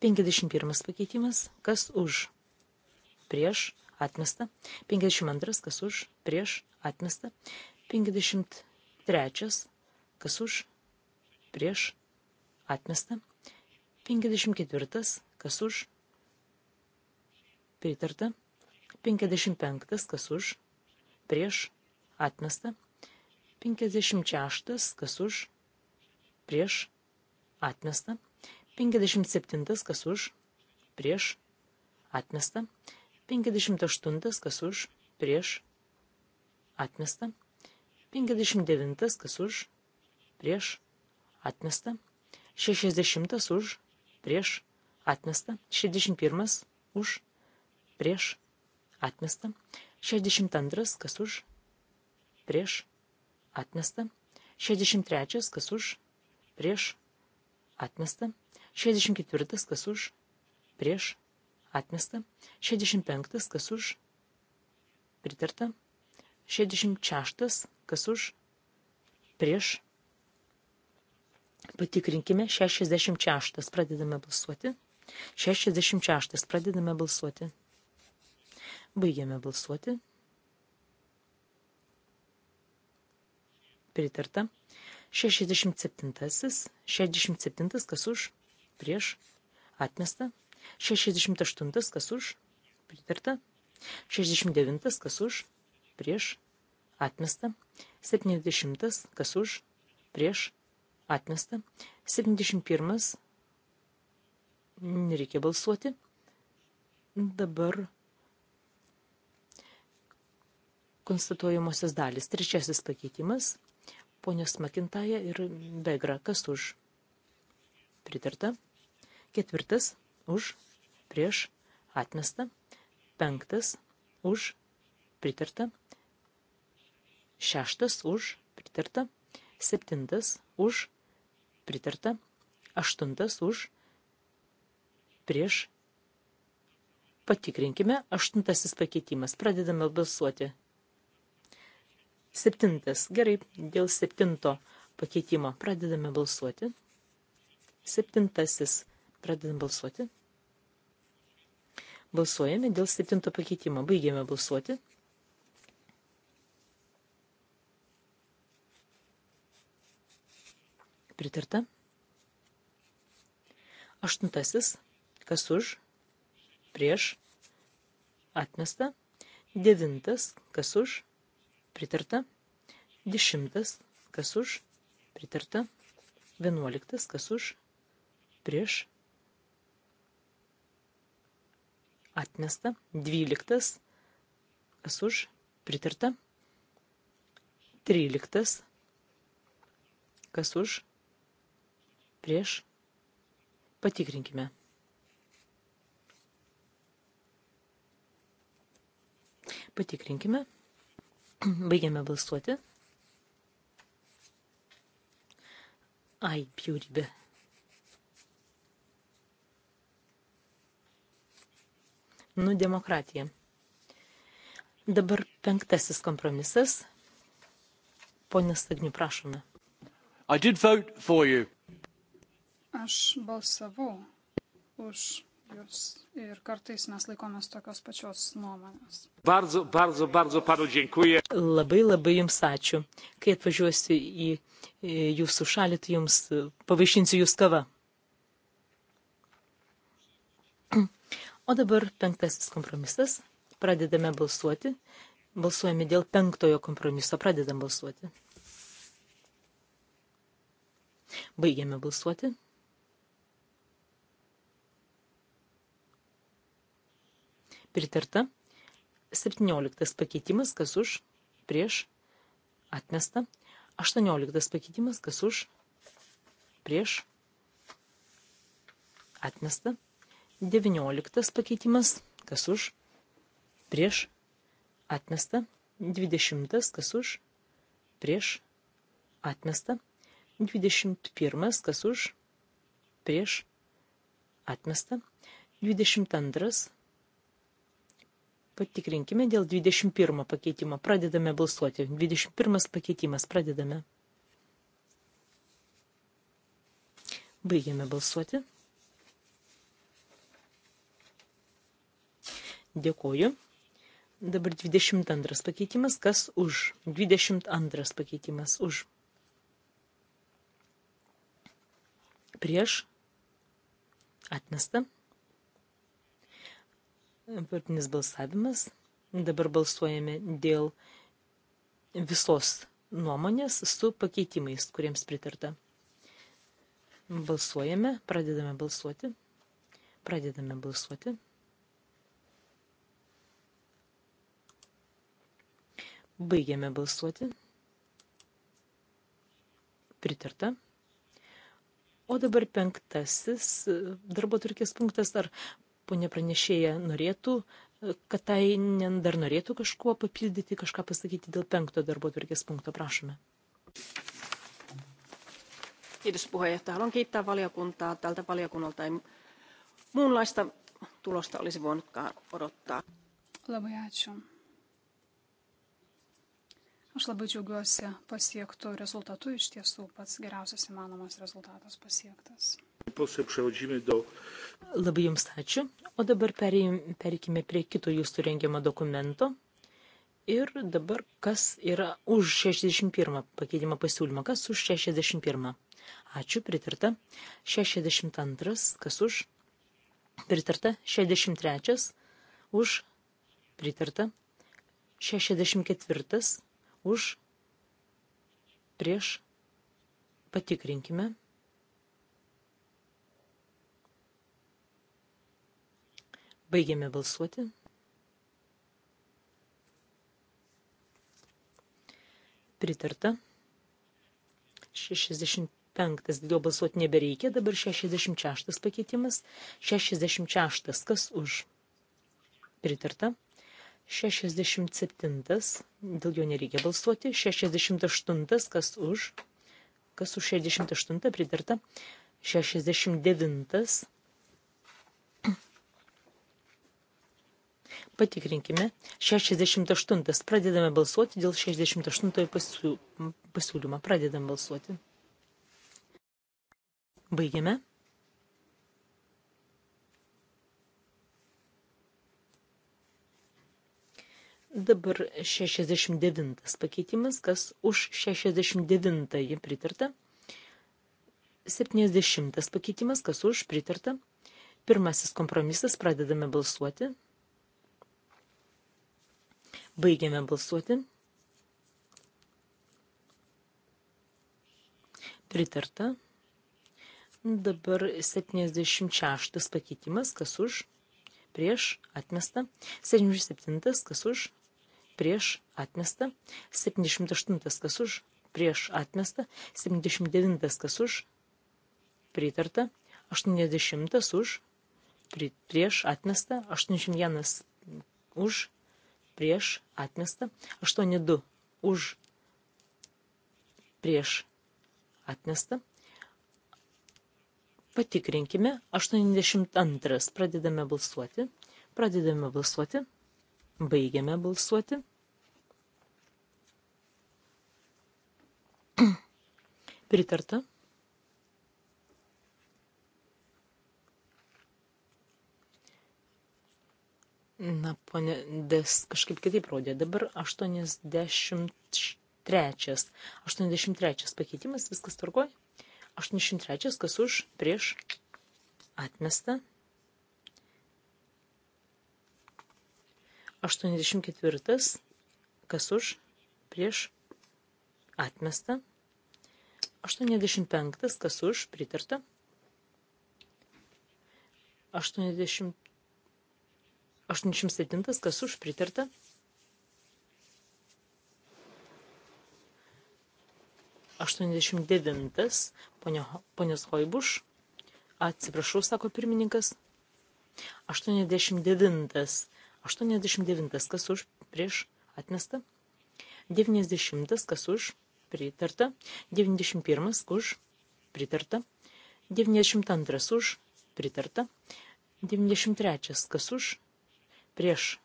51 pakeitimas. Kas už? Prieš atmesta, 52 kas už, prieš, atmesta, 53 kas už, prieš, atmesta, 54 kas už, pritarta, 55 kas už, prieš, atmesta, 56 kas už, prieš, atmesta, 57 kas už, prieš, atmesta, 58 58 kas už, prieš, atmesta. 59 kas už, prieš, atmesta. 60 už, prieš, atmesta. 61 už, prieš, atmesta. 62 kas už, prieš, atmesta. 63 kas už, prieš, atmesta. 64 kas už, prieš, atmesta atmesta, 65 kas už, pritarta, 66 kas už, prieš, patikrinkime, 66 pradedame balsuoti, 66 pradedame balsuoti, baigiame balsuoti, pritarta, 67, 67 kas už, prieš, atmesta, 68 kas už, pritarta. 69 kas už, prieš, atmesta. 70 kas už, prieš, atmesta. 71 nereikia balsuoti. Dabar konstatuojamosios dalis. Trečiasis pakeitimas. Ponios Makintaja ir Begra. Kas už? Pritarta. Ketvirtas už, prieš, atmesta, penktas, už, pritarta, šeštas, už, pritarta, septintas, už, pritarta, aštuntas, už, prieš, Patikrinkime aštuntasis pakeitimas. Pradedame balsuoti. Septintas. Gerai, dėl septinto pakeitimo pradedame balsuoti. Septintasis. Pradedam balsuoti. Balsuojame dėl septinto pakeitimo. Baigėme balsuoti. Pritarta. Aštuntasis. Kas už? Prieš. Atmesta. Devintas. Kas už? Pritarta. Dešimtas. Kas už? Pritarta. Vienuoliktas. Kas už? Prieš. atmesta, 12 kas už, pritarta, 13 kas už, prieš, patikrinkime. Patikrinkime, baigiame balsuoti. Ai, bjaurybė. nu demokratiją. Dabar penktasis kompromisas. Pone Stagniu, prašome. Aš balsavau už jūs ir kartais mes laikomės tokios pačios nuomonės. Bardzo, bardzo, bardzo panu dziękuję. Labai, labai jums ačiū. Kai atvažiuosiu į jūsų šalį, tai jums e, pavaišinsiu jūs kavą. O dabar penktasis kompromisas. Pradedame balsuoti. Balsuojame dėl penktojo kompromiso. Pradedam balsuoti. Baigiame balsuoti. Pritarta. 17 pakeitimas, kas už, prieš, atmesta. 18 pakeitimas, kas už, prieš, atmesta. 19 pakeitimas, kas už, prieš, atmesta. 20, kas už, prieš, atmesta. 21, kas už, prieš, atmesta. 22, patikrinkime dėl 21 pakeitimo, pradedame balsuoti. 21 pakeitimas, pradedame. Baigiame balsuoti. Dėkoju. Dabar 22 pakeitimas. Kas už? 22 pakeitimas už. Prieš. Atmesta. Partinis balsavimas. Dabar balsuojame dėl visos nuomonės su pakeitimais, kuriems pritarta. Balsuojame, pradedame balsuoti. Pradedame balsuoti. Baigiame balsuoti. Pritarta. O dabar penktasis e, darbo turkės punktas. Ar ponė pranešėja norėtų, e, kad tai dar norėtų kažkuo papildyti, kažką pasakyti dėl penkto darbo turkės punkto? Prašome. Kiitos puheenjohtaja. Haluan kiittää valiokuntaa. Tältä valiokunnalta ei muunlaista tulosta olisi voinutkaan odottaa. Labai ačiū. Aš labai džiaugiuosi pasiektų rezultatų, iš tiesų pats geriausias įmanomas rezultatas pasiektas. Labai Jums ačiū, o dabar perėkime prie kito Jūsų rengiamo dokumento. Ir dabar kas yra už 61 pakeitimą pasiūlymą, kas už 61? Ačiū, pritarta. 62, kas už? Pritarta. 63, už? Pritarta. 64, už, prieš, patikrinkime. Baigiame balsuoti. Pritarta. 65 dėl balsuoti nebereikia, dabar 66 pakeitimas. 66 kas už. Pritarta. 67, dėl jo nereikia balsuoti, 68, kas už, kas už 68 pritarta, 69. Patikrinkime, 68, pradedame balsuoti dėl 68 pasiūlymo, pradedame balsuoti. Baigiame. Dabar 69 pakeitimas, kas už 69 pritarta. 70 pakeitimas, kas už pritarta. Pirmasis kompromisas, pradedame balsuoti. Baigiame balsuoti. Pritarta. Dabar 76 pakeitimas, kas už prieš atmesta. 77 kas už prieš atmestą, 78 kas už, prieš atmestą, 79 kas už, pritarta, 80 už, prieš atmestą, 81 už, prieš atmestą, 82 už, prieš atmestą. Patikrinkime, 82 pradedame balsuoti, pradedame balsuoti. Baigiame balsuoti. Pritarta. Na, ponė, des kažkaip kitaip rodė. Dabar 83. 83 pakeitimas, viskas tvarkoja. 83, kas už, prieš, atmesta. 84. Kas už? Prieš? Atmesta. 85. Kas už? Pritarta. 80, 87. Kas už? Pritarta. 89. Ponios Hoibuš. Atsiprašau, sako pirmininkas. 89. 89 kas už prieš atmesta, 90 kas už pritarta, 91 už pritarta, 92 už pritarta, 93 kas už prieš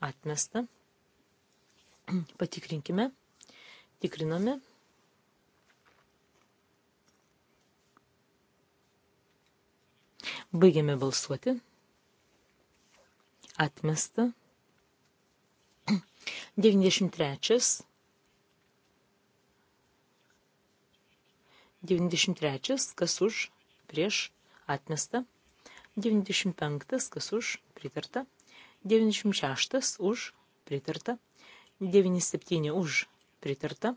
atmesta. Patikrinkime, tikriname. Baigiame balsuoti atmesta. 93. 93. Kas už, prieš, atmesta. 95. Kas už, pritarta. 96. Už, pritarta. 97. Už, pritarta.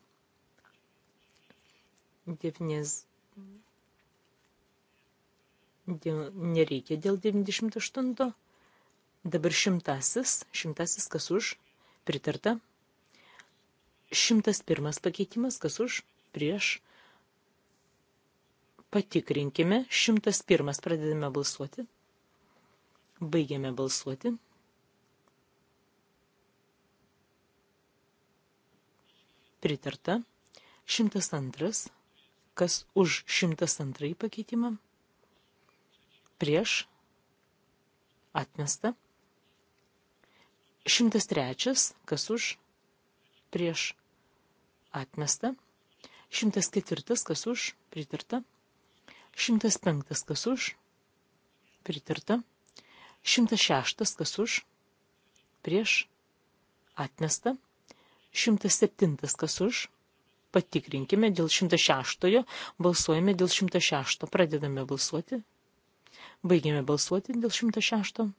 9. Nereikia dėl 98. Dabar šimtasis, šimtasis kas už, pritarta. Šimtas pirmas pakeitimas, kas už, prieš. Patikrinkime, šimtas pirmas pradedame balsuoti. Baigiame balsuoti. Pritarta. 102. Kas už 102 pakeitimą? Prieš. Atmesta. 103, kas už, prieš atmesta. 104, kas už, pritarta. 105, kas už, pritarta. 106, kas už, prieš atmesta. 107, kas už, patikrinkime dėl 106, balsuojame dėl 106, pradedame balsuoti. Baigėme balsuoti dėl 106.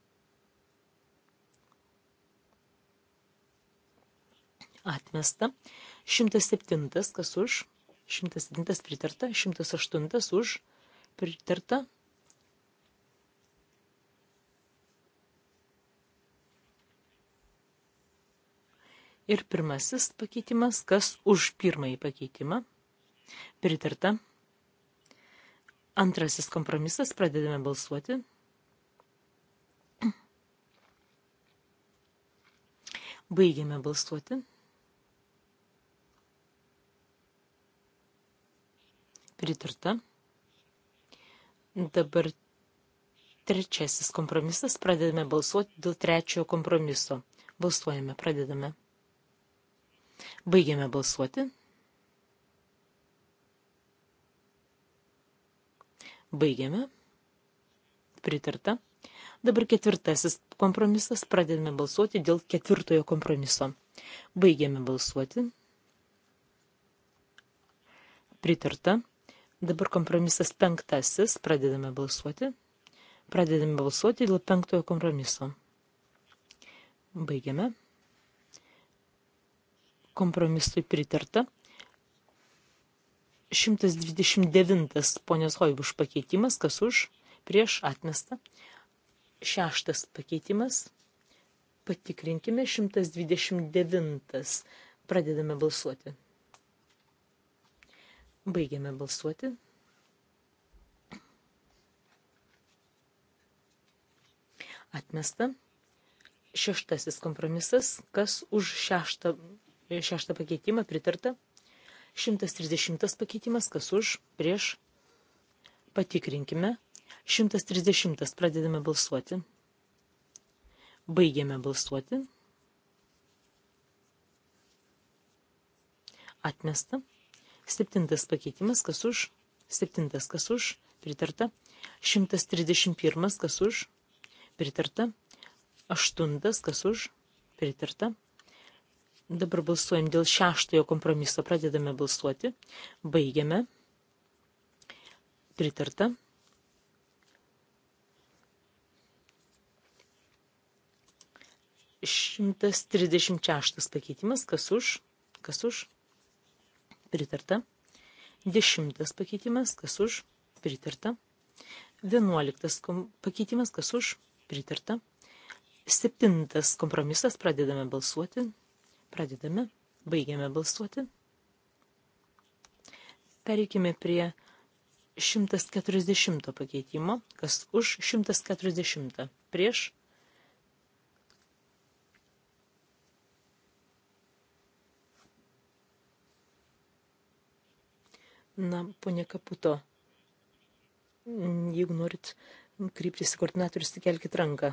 atmesta, 107 kas už, 107 pritarta, 108 už, pritarta. Ir pirmasis pakeitimas, kas už pirmąjį pakeitimą, pritarta. Antrasis kompromisas, pradedame balsuoti. Baigiame balsuoti. pritarta. Dabar trečiasis kompromisas. Pradedame balsuoti dėl trečiojo kompromiso. Balsuojame, pradedame. Baigiame balsuoti. Baigiame. Pritarta. Dabar ketvirtasis kompromisas. Pradedame balsuoti dėl ketvirtojo kompromiso. Baigiame balsuoti. Pritarta. Dabar kompromisas penktasis. Pradedame balsuoti. Pradedame balsuoti dėl penktojo kompromiso. Baigiame. Kompromisui pritarta. 129 ponios Hoibuš pakeitimas, kas už, prieš atmestą. Šeštas pakeitimas. Patikrinkime 129. Pradedame balsuoti. Baigiame balsuoti. Atmesta. Šeštasis kompromisas. Kas už šeštą, šeštą pakeitimą pritarta? 130 pakeitimas. Kas už? Prieš. Patikrinkime. 130 pradedame balsuoti. Baigiame balsuoti. Atmesta. Septintas pakeitimas, kas už, septintas kas už, pritarta. 131 kas už, pritarta. Aštuntas kas už, pritarta. Dabar balsuojam dėl šeštojo kompromiso, pradedame balsuoti, baigiame. Pritarta. Šimtas trisdešimt šeštas pakeitimas, kas už, kas už, pritarta. Dešimtas pakeitimas, kas už, pritarta. Vienuoliktas pakeitimas, kas už, pritarta. Septintas kompromisas, pradedame balsuoti. Pradedame, baigiame balsuoti. Pereikime prie 140 pakeitimo, kas už 140, prieš Na, ponė Kaputo, mm, jeigu norit kryptis į koordinatorius, tik kelkit ranką.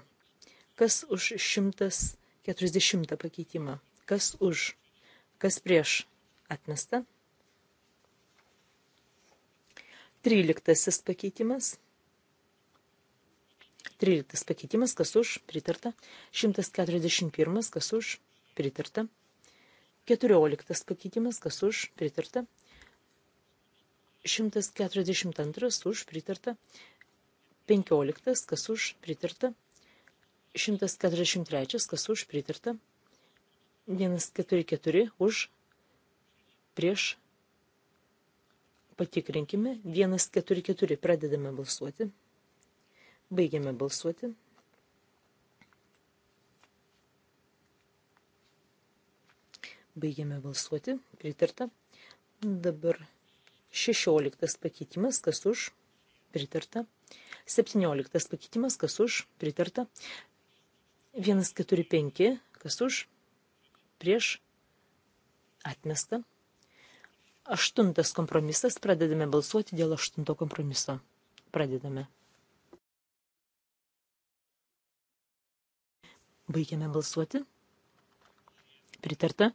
Kas už 140 pakeitimą? Kas už? Kas prieš? Atmesta. 13 pakeitimas. 13 pakeitimas, kas už, pritarta. 141, kas už, pritarta. 14 pakeitimas, kas už, pritarta. 142 už pritarta, 15 kas už pritarta, 143 kas už pritarta, 144 už prieš patikrinkime, 144 pradedame balsuoti, baigiame balsuoti. Baigiame balsuoti, pritarta. Dabar 16 pakeitimas, kas už, pritarta. 17 pakeitimas, kas už, pritarta. 145, kas už, prieš, atmesta. Aštuntas kompromisas, pradedame balsuoti dėl aštunto kompromiso. Pradedame. Baigiame balsuoti. Pritarta.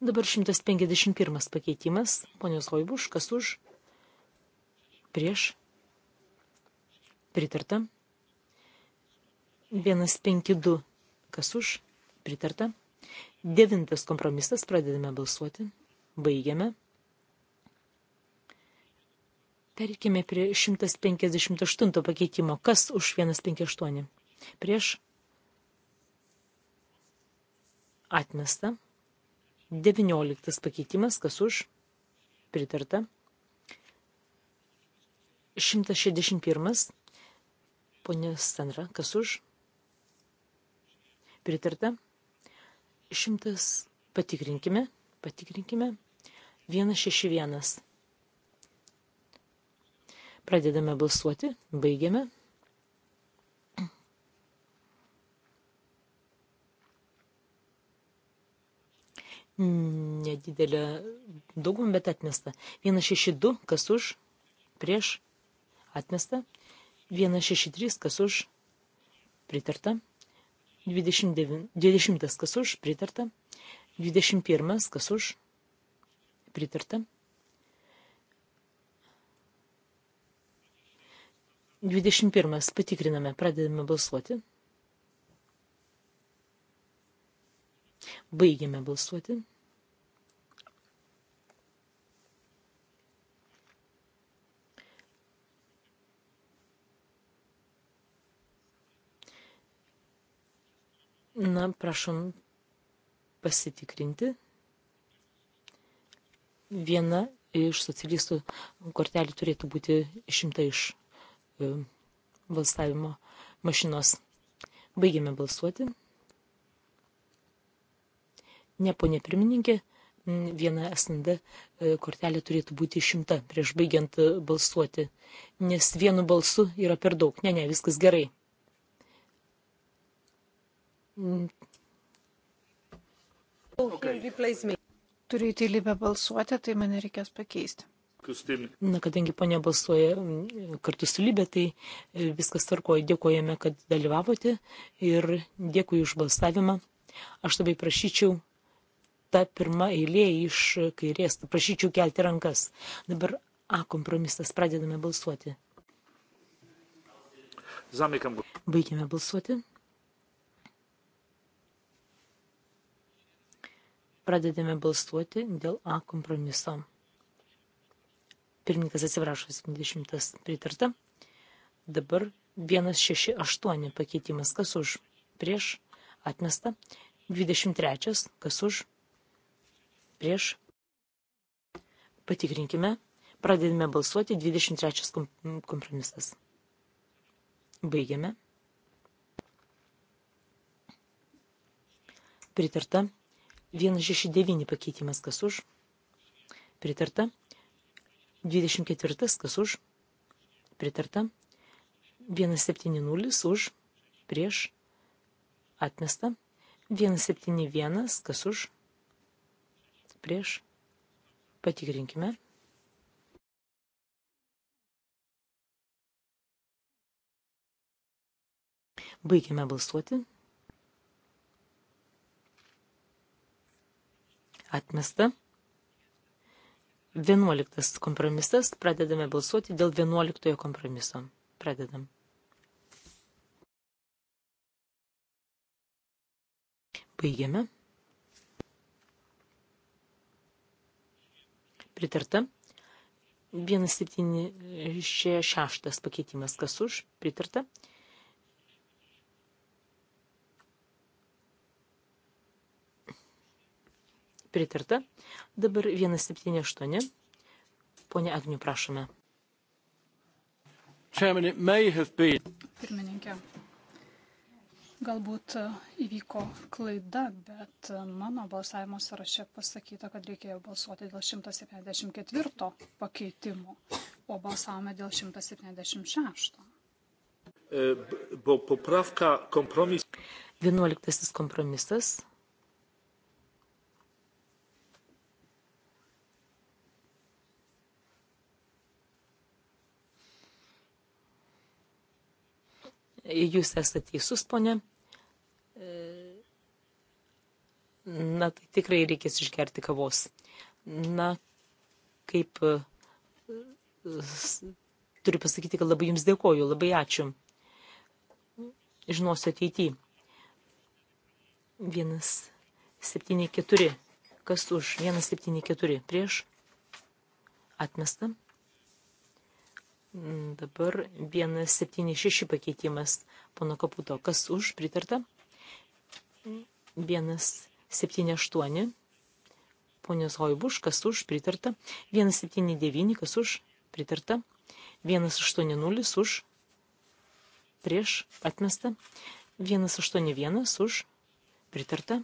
Dabar 151 pakeitimas. Ponios Hoibuš, kas už? Prieš. Pritarta. 152, kas už? Pritarta. Devintas kompromisas, pradedame balsuoti. Baigiame. Perkime prie 158 pakeitimo. Kas už 158? Prieš Atmesta. 19 pakeitimas, kas už? Pritarta. 161. Pone Sandra, kas už? Pritarta. 100. Patikrinkime. Patikrinkime. 161. Pradedame balsuoti. Baigiame. nedidelė daugumą, bet atmesta. 162, kas už, prieš, atmesta. 163, kas už, pritarta. 29, 20, kas už, pritarta. 21, kas už, pritarta. 21. Patikriname, pradedame balsuoti. Baigėme balsuoti. Na, prašom pasitikrinti. Viena iš socialistų kortelių turėtų būti išimta iš e, balsavimo mašinos. Baigėme balsuoti. Ne, ponė pirmininkė, viena SND e, kortelė turėtų būti išimta prieš baigiant e, balsuoti, nes vienu balsu yra per daug. Ne, ne, viskas gerai. Okay. Turiu įtylybę balsuoti, tai mane reikės pakeisti. Na, kadangi ponė balsuoja kartu su Libė, tai e, viskas tarkoja. Dėkojame, kad dalyvavote ir dėkui už balsavimą. Aš labai prašyčiau ta pirma eilė iš kairės. Prašyčiau kelti rankas. Dabar A kompromisas. Pradedame balsuoti. Zamykam. Baigiame balsuoti. Pradedame balsuoti dėl A kompromiso. Pirmininkas atsiprašo, 70 pritarta. Dabar 168 pakeitimas. Kas už? Prieš atmesta. 23. Kas už? prieš. Patikrinkime. Pradedame balsuoti 23 kompromisas. Baigiame. Pritarta. 169 pakeitimas kas už. Pritarta. 24 kas už. Pritarta. 170 už. Prieš. Atmesta. 171 kas už prieš. Patikrinkime. Baigiame balsuoti. Atmesta. 11 kompromisas. Pradedame balsuoti dėl 11 kompromiso. Pradedam. Baigiame. pritarta. 176 pakeitimas, kas už, pritarta. Pritarta. Dabar 178. Pone Agniu, prašome. Pirmininkė, Galbūt e, įvyko klaida, bet e, mano balsavimo sąraše pasakyta, kad reikėjo balsuoti dėl 174 pakeitimo, o balsavome dėl 176. Buvo popravka kompromis. 11 kompromisas. Jūs esate teisus, ponė. na, tai tikrai reikės išgerti kavos. Na, kaip e, turiu pasakyti, kad labai jums dėkoju, labai ačiū. Žinosiu ateityje. Vienas, septyni, keturi. Kas už? Vienas, septyni, keturi. Prieš? Atmesta. Mm, dabar 176 pakeitimas pono kaputo. Kas už pritarta? 1 178. Ponios Hoibuš, kas už, pritarta. 179, kas už, pritarta. 180 už, prieš, atmesta. 181 už, pritarta.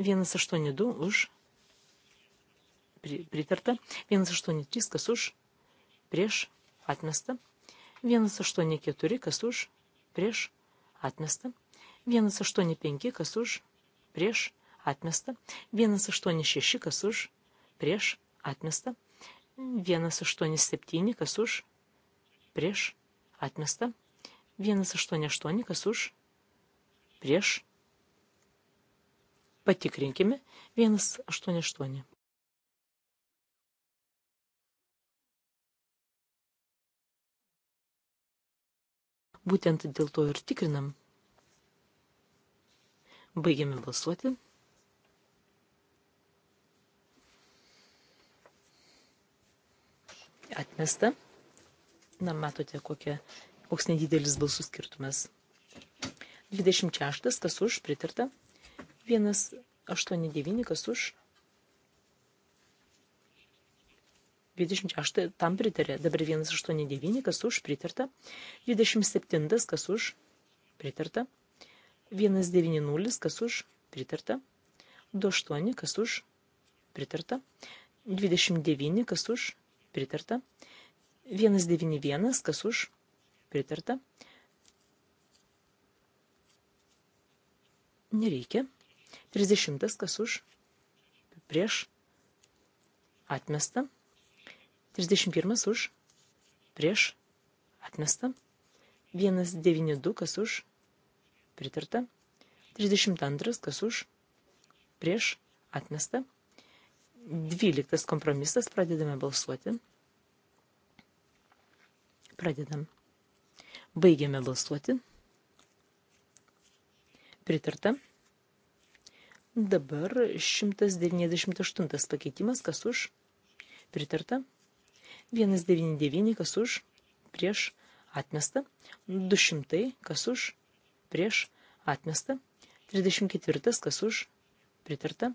182 už, pritarta. 183 kas už, prieš, atmesta. 184 kas už, prieš, atmesta. 185 kas už, prieš, atmesta, 186 kas už, prieš, atmesta, 187 kas už, prieš, atmesta, 188 kas už, prieš, patikrinkime, 188. Būtent dėl to ir tikrinam. Baigiame balsuoti. Atmesta. Na, matote, kokia, koks nedidelis balsų skirtumas. 26, kas už, pritarta. 189, kas už. 26 tam pritarė, dabar 189, kas už, pritarta. 27, kas už, pritarta. 190, kas už, pritarta. 28, kas už, pritarta. 29, kas už, pritarta. 191, kas už, pritarta. Nereikia. 30, kas už, prieš, atmesta. 31 už, prieš, atmesta. 192, kas už, pritarta. 32, kas už, prieš, atmesta. Dvyliktas kompromisas, pradedame balsuoti. Pradedam. Baigiame balsuoti. Pritarta. Dabar 198 pakeitimas, kas už. Pritarta. 199, kas už. Prieš atmesta. 200, kas už. Prieš atmesta. 34, kas už. Pritarta.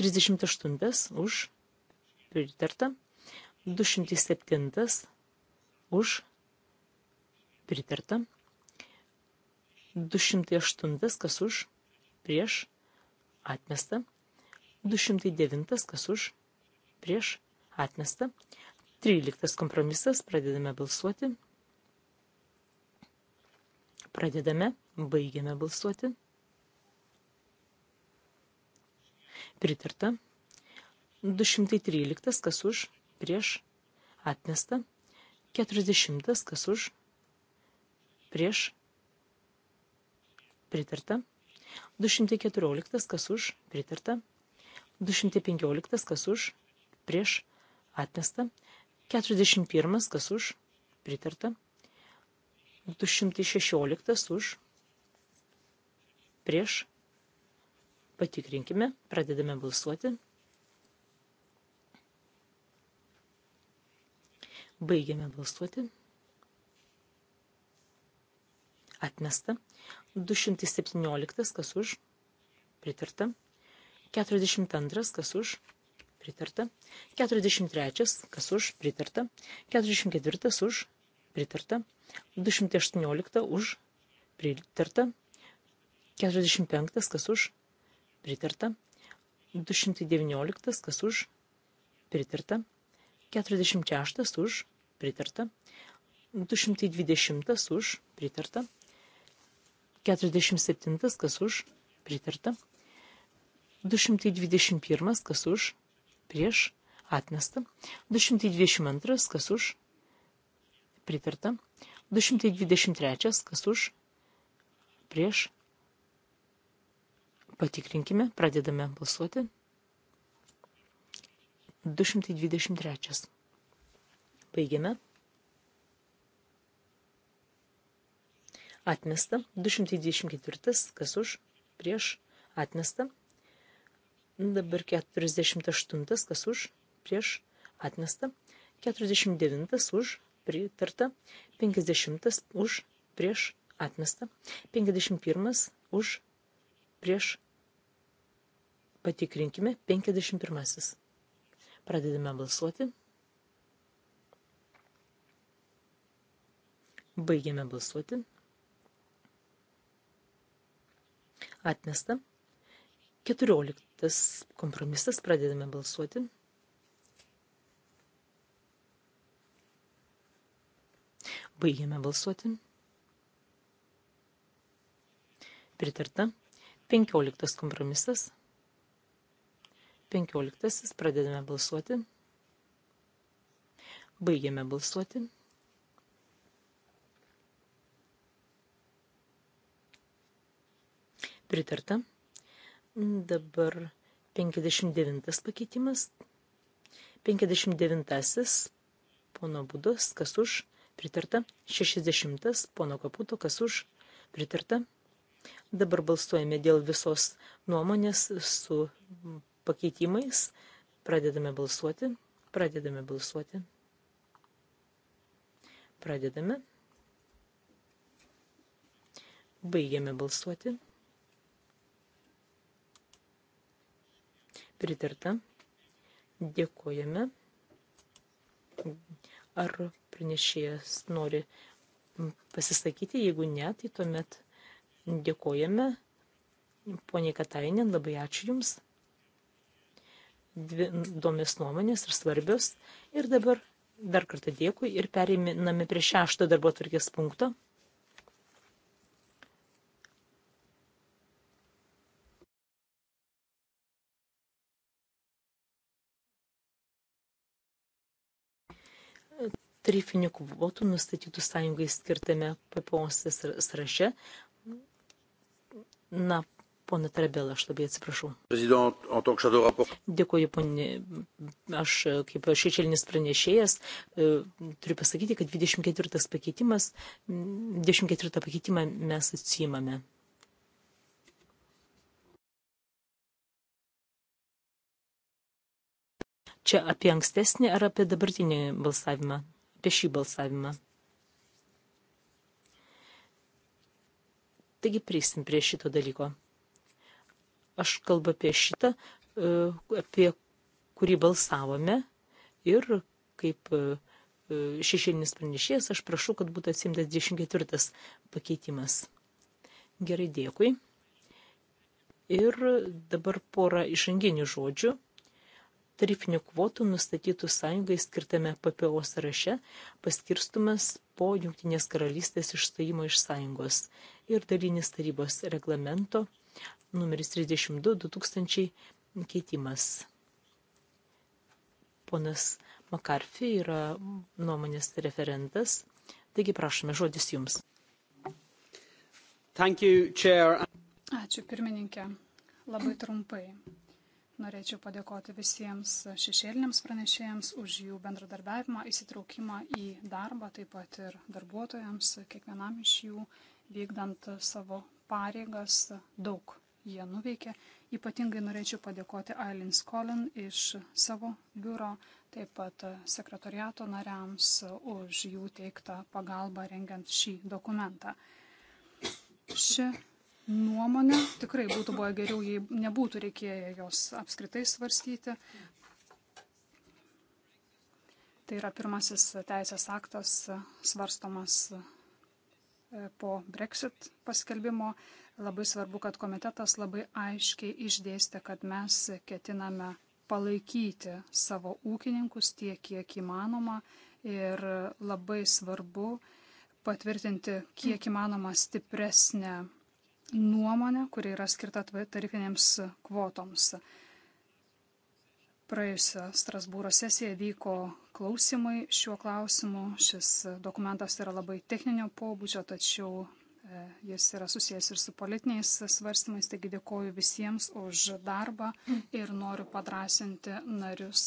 38 už, pritarta. 207 už, pritarta. 208 kas už, prieš, atmesta. 209 kas už, prieš, atmesta. 13 kompromisas, pradedame balsuoti. Pradedame, baigiame balsuoti. pritarta. 213 kas už, prieš, atmesta. 40 kas už, prieš, pritarta. 214 kas už, pritarta. 215 kas už, prieš, atmesta. 41 kas už, pritarta. 216 už, prieš, atmesta. Patikrinkime, pradedame balsuoti. Baigiame balsuoti. Atmesta. 217, kas už. Pritarta. 42, kas už. Pritarta. 43, kas už. Pritarta. 44, už. Pritarta. 218, už. Pritarta. 45, kas už pritarta. 219 kas už pritarta. 46 už pritarta. 220 už pritarta. 47 kas už pritarta. 221 kas už prieš atmesta. 222 kas už pritarta. 223 kas už prieš Patikrinkime, pradedame balsuoti. 223. Baigiame. Atmesta. 224. Kas už? Prieš. Atmesta. Dabar 48. Kas už? Prieš. Atmesta. 49. Už. Pritarta. 50. Už. Prieš. Atmesta. 51. Už. Prieš. Patikrinkime 51. Pradedame balsuoti. Baigiame balsuoti. Atmesta. 14. Kompromisas. Pradedame balsuoti. Baigiame balsuoti. Pritarta. 15. Kompromisas. 15. Pradedame balsuoti. Baigiame balsuoti. Pritarta. Dabar 59 pakeitimas. 59. Pono būdos, kas už, pritarta. 60. Pono kaputo, kas už, pritarta. Dabar balsuojame dėl visos nuomonės su pakeitimais. Pradedame balsuoti. Pradedame balsuoti. Pradedame. Baigiame balsuoti. Pritarta. Dėkojame. Ar pranešėjas nori pasisakyti, jeigu ne, tai tuomet dėkojame. Pone Katainė, labai ačiū Jums dvi įdomios nuomonės ir svarbios. Ir dabar dar kartą dėkui ir perėminame prie šešto darbo tvarkės punkto. tarifinių kvotų nustatytų sąjungai skirtame PPO sąraše. Na, Pona Tarabela, aš labai atsiprašau. Dėkuoju, ponė. Aš kaip šešėlinis pranešėjas e, turiu pasakyti, kad 24 pakeitimas, 24 pakeitimą mes atsijimame. Čia apie ankstesnį ar apie dabartinį balsavimą? Apie šį balsavimą. Taigi prieisim prie šito dalyko. Aš kalbu apie šitą, e, apie kurį balsavome ir kaip e, e, šešėlinis pranešėjas, aš prašau, kad būtų atsimtas 24 pakeitimas. Gerai, dėkui. Ir dabar pora išanginių žodžių. Tarifinių kvotų nustatytų sąjungai skirtame PPO sąraše paskirstumas po Junktinės karalystės išstojimo iš sąjungos ir dalinis tarybos reglamento 2021-2027 numeris 32 2000 keitimas. Ponas Makarfi yra nuomonės referentas, taigi prašome žodis jums. Thank you, chair. Ačiū pirmininkė. Labai trumpai. Norėčiau padėkoti visiems šešėliniams pranešėjams už jų bendradarbiavimą, įsitraukimą į darbą, taip pat ir darbuotojams, kiekvienam iš jų vykdant savo pareigas daug jie nuveikė. Ypatingai norėčiau padėkoti Aileen Skolin iš savo biuro, taip pat sekretoriato nariams už jų teiktą pagalbą rengiant šį dokumentą. Ši nuomonė tikrai būtų buvo geriau, jei nebūtų reikėję jos apskritai svarstyti. Tai yra pirmasis teisės aktas svarstomas po Brexit paskelbimo. Labai svarbu, kad komitetas labai aiškiai išdėstė, kad mes ketiname palaikyti savo ūkininkus tiek, kiek įmanoma ir labai svarbu patvirtinti kiek įmanoma stipresnę nuomonę, kuri yra skirta tarifinėms kvotoms. Praėjusią Strasbūro sesiją vyko klausimai šiuo klausimu. Šis dokumentas yra labai techninio pobūdžio, tačiau Jis yra susijęs ir su politiniais svarstymais, taigi dėkoju visiems už darbą ir noriu padrasinti narius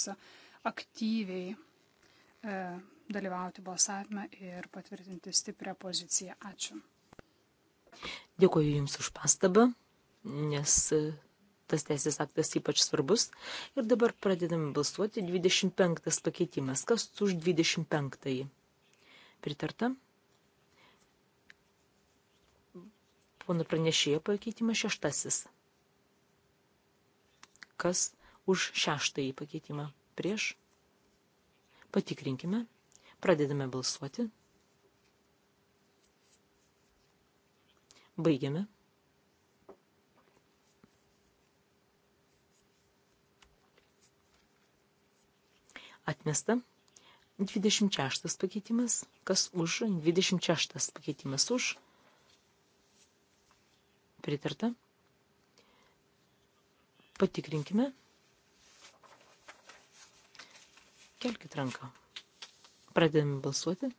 aktyviai e, dalyvauti balsavime ir patvirtinti stiprią poziciją. Ačiū. Dėkoju Jums už pastabą, nes e, tas teisės aktas ypač svarbus. Ir dabar pradedame balsuoti 25 pakeitimas. Kas už 25? -ąjį? Pritarta? Pono pranešėjo pakeitimas šeštasis. Kas už šeštąjį pakeitimą? Prieš? Patikrinkime. Pradedame balsuoti. Baigiame. Atmesta. 26 pakeitimas. Kas už? 26 pakeitimas už. Pritarta. Patikrinkime. Kelkit ranką. Pradedame balsuoti.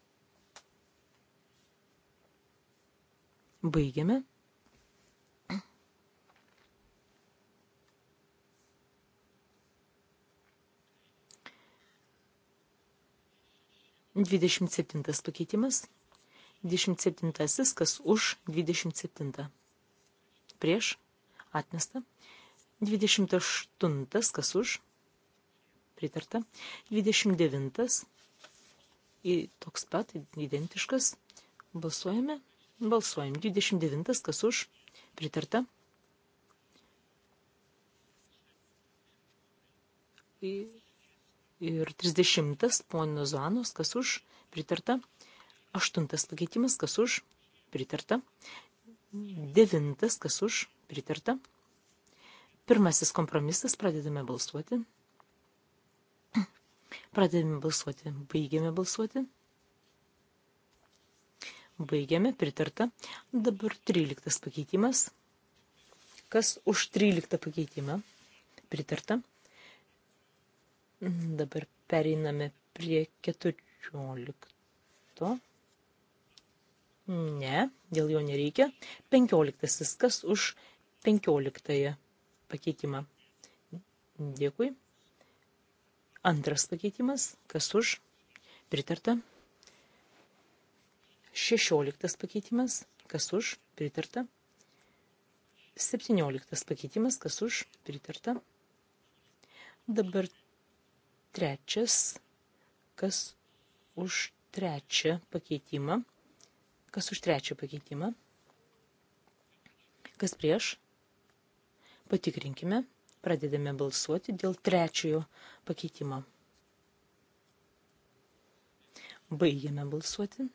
Baigiame. Dvidešimt septintas pakeitimas. Dvidešimt septintasis, kas už dvidešimt septintą prieš, atmesta. 28, kas už, pritarta. 29, į toks pat, identiškas, balsuojame, balsuojam. 29, kas už, pritarta. Ir 30, pono Zuanos, kas už, pritarta. 8 pakeitimas, kas už, pritarta. Devintas, kas už, pritarta. Pirmasis kompromisas, pradedame balsuoti. Pradedame balsuoti, baigiame balsuoti. Baigiame, pritarta. Dabar 13 pakeitimas. Kas už 13 pakeitimą? Pritarta. Dabar pereiname prie 14. Ne, dėl jo nereikia. Penkioliktasis, kas už penkioliktąją pakeitimą? Dėkui. Antras pakeitimas, kas už? Pritarta. Šešioliktas pakeitimas, kas už? Pritarta. Septynioliktas pakeitimas, kas už? Pritarta. Dabar trečias, kas už trečią pakeitimą, Kas už trečią pakeitimą? Kas prieš? Patikrinkime. Pradedame balsuoti dėl trečiojo pakeitimo. Baigiame balsuoti.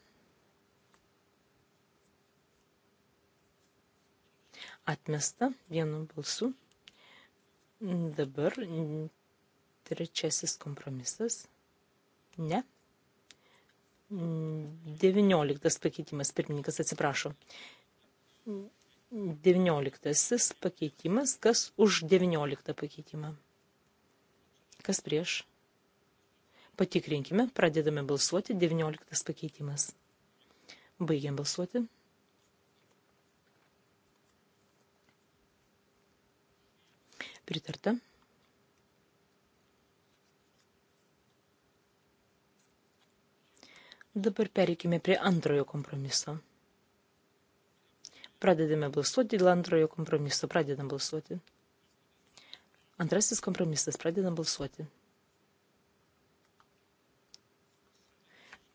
Atmesta vienu balsu. Dabar trečiasis kompromisas. Ne, 19 pakeitimas, pirmininkas atsiprašo. 19 pakeitimas, kas už 19 pakeitimą? Kas prieš? Patikrinkime, pradedame balsuoti, 19 pakeitimas. Baigiam balsuoti. Pritarta. Dabar pereikime prie antrojo kompromiso. Pradedame balsuoti dėl antrojo kompromiso. Pradedam balsuoti. Antrasis kompromisas. Pradedam balsuoti.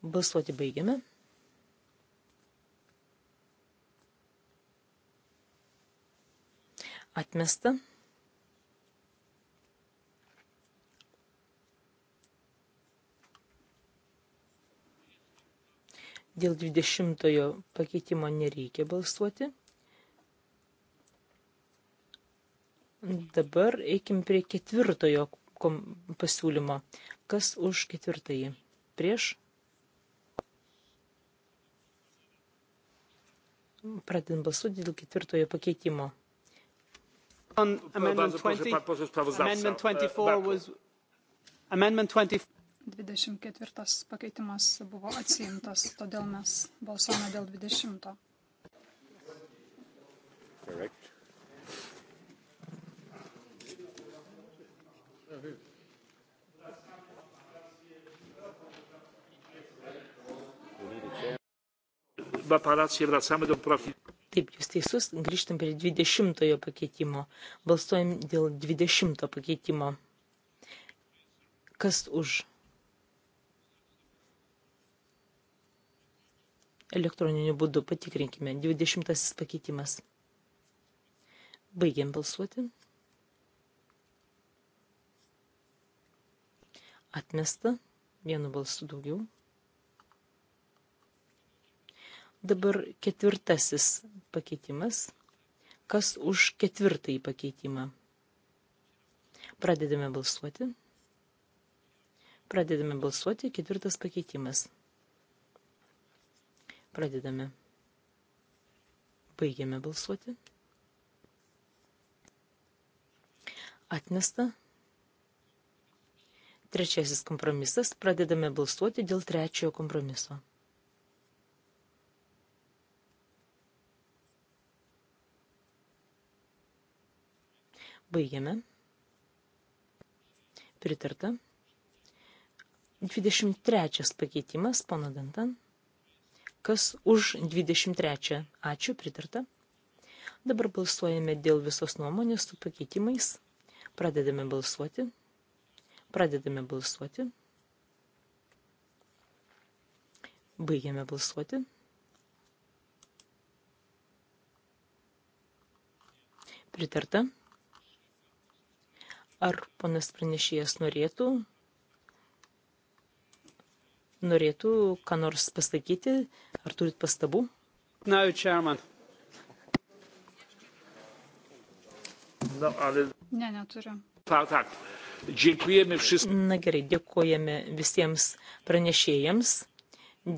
Balsuoti baigiame. Atmesta. Dėl 20 pakeitimo nereikia balsuoti. Dabar eikim prie ketvirtojo pasiūlymo. Kas už ketvirtąjį? Prieš? Pradedam balsuoti dėl ketvirtojo pakeitimo. Um, amendment 20, uh, amendment 24 was... Amendment 24. 24 pakeitimas buvo atsiimtas, todėl mes balsuojame dėl 20. Correct. Taip, jūs teisus, grįžtam prie 20 pakeitimo. Balsuojam dėl 20 pakeitimo. Kas už? elektroniniu būdu. Patikrinkime. 20 pakeitimas. Baigiam balsuoti. Atmesta. Vienu balsu daugiau. Dabar ketvirtasis pakeitimas. Kas už ketvirtąjį pakeitimą? Pradedame balsuoti. Pradedame balsuoti. Ketvirtas pakeitimas. Pradedame. Baigiame balsuoti. Atmesta. Trečiasis kompromisas. Pradedame balsuoti dėl trečiojo kompromiso. Baigiame. Pritarta. 23 pakeitimas, pana Dantan. Kas už 23? Ačiū, pritarta. Dabar balsuojame dėl visos nuomonės su pakeitimais. Pradedame balsuoti. Pradedame balsuoti. Baigiame balsuoti. Pritarta. Ar ponas pranešėjas norėtų norėtų ką nors pasakyti. Ar turit pastabų? No, chairman. No, ale... Ne, neturiu. Tak, tak. Dėkujame visiems. Na gerai, dėkojame visiems pranešėjams,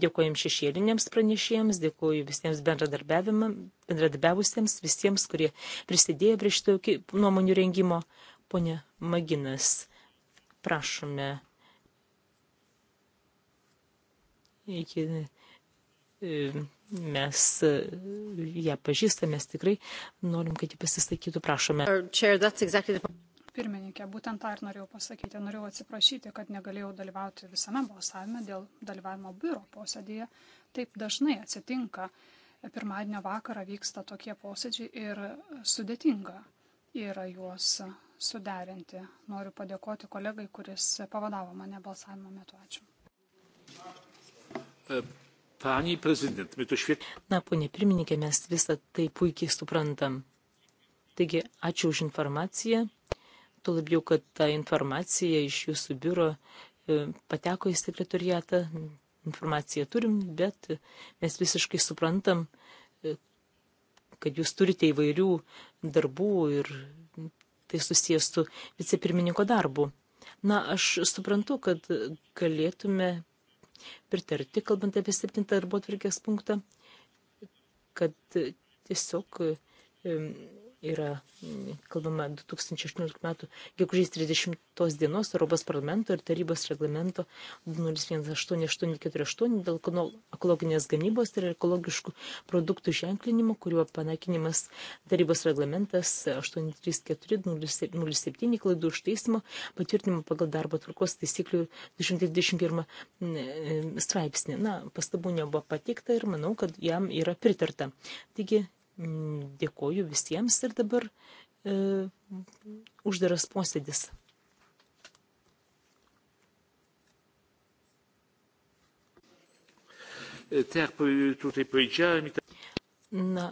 dėkojam šešėliniams pranešėjams, dėkoju visiems bendradarbiavusiems, visiems, kurie prisidėjo prie šito nuomonių rengimo. Pone Maginas, prašome iki e, mes e, ją pažįstame, mes tikrai norim, kad ji pasisakytų, prašome. Pirmininkė, būtent tą ir norėjau pasakyti. Norėjau atsiprašyti, kad negalėjau dalyvauti visame balsavime dėl dalyvavimo biuro posėdėje. Taip dažnai atsitinka. Pirmadienio vakarą vyksta tokie posėdžiai ir sudėtinga yra juos suderinti. Noriu padėkoti kolegai, kuris pavadavo mane balsavimo metu. Ačiū. E, pani prezident, mes to šviet... Na, ponė pirmininkė, mes visą tai puikiai suprantam. Taigi, ačiū už informaciją. Tuo labiau, kad ta informacija iš jūsų biuro e, pateko į sekretoriatą. Informaciją turim, bet mes visiškai suprantam, e, kad jūs turite įvairių darbų ir tai susijęs su vicepirmininko darbu. Na, aš suprantu, kad galėtume pritarti, kalbant apie septintą darbo tvarkės punktą, kad tiesiog yra mm, kalbama 2018 metų gegužės 30 dienos Europos parlamento ir tarybos reglamento 018848 dėl ekologinės gamybos ir ekologiškų produktų ženklinimo, kuriuo panakinimas tarybos reglamentas 83407 klaidų užteisimo patvirtinimo pagal darbo tvarkos taisyklių 221 mm, straipsnį. Na, pastabų nebuvo pateikta ir manau, kad jam yra pritarta. Taigi, Mm, dėkoju visiems ir dabar e, uždaras posėdis. E, Na,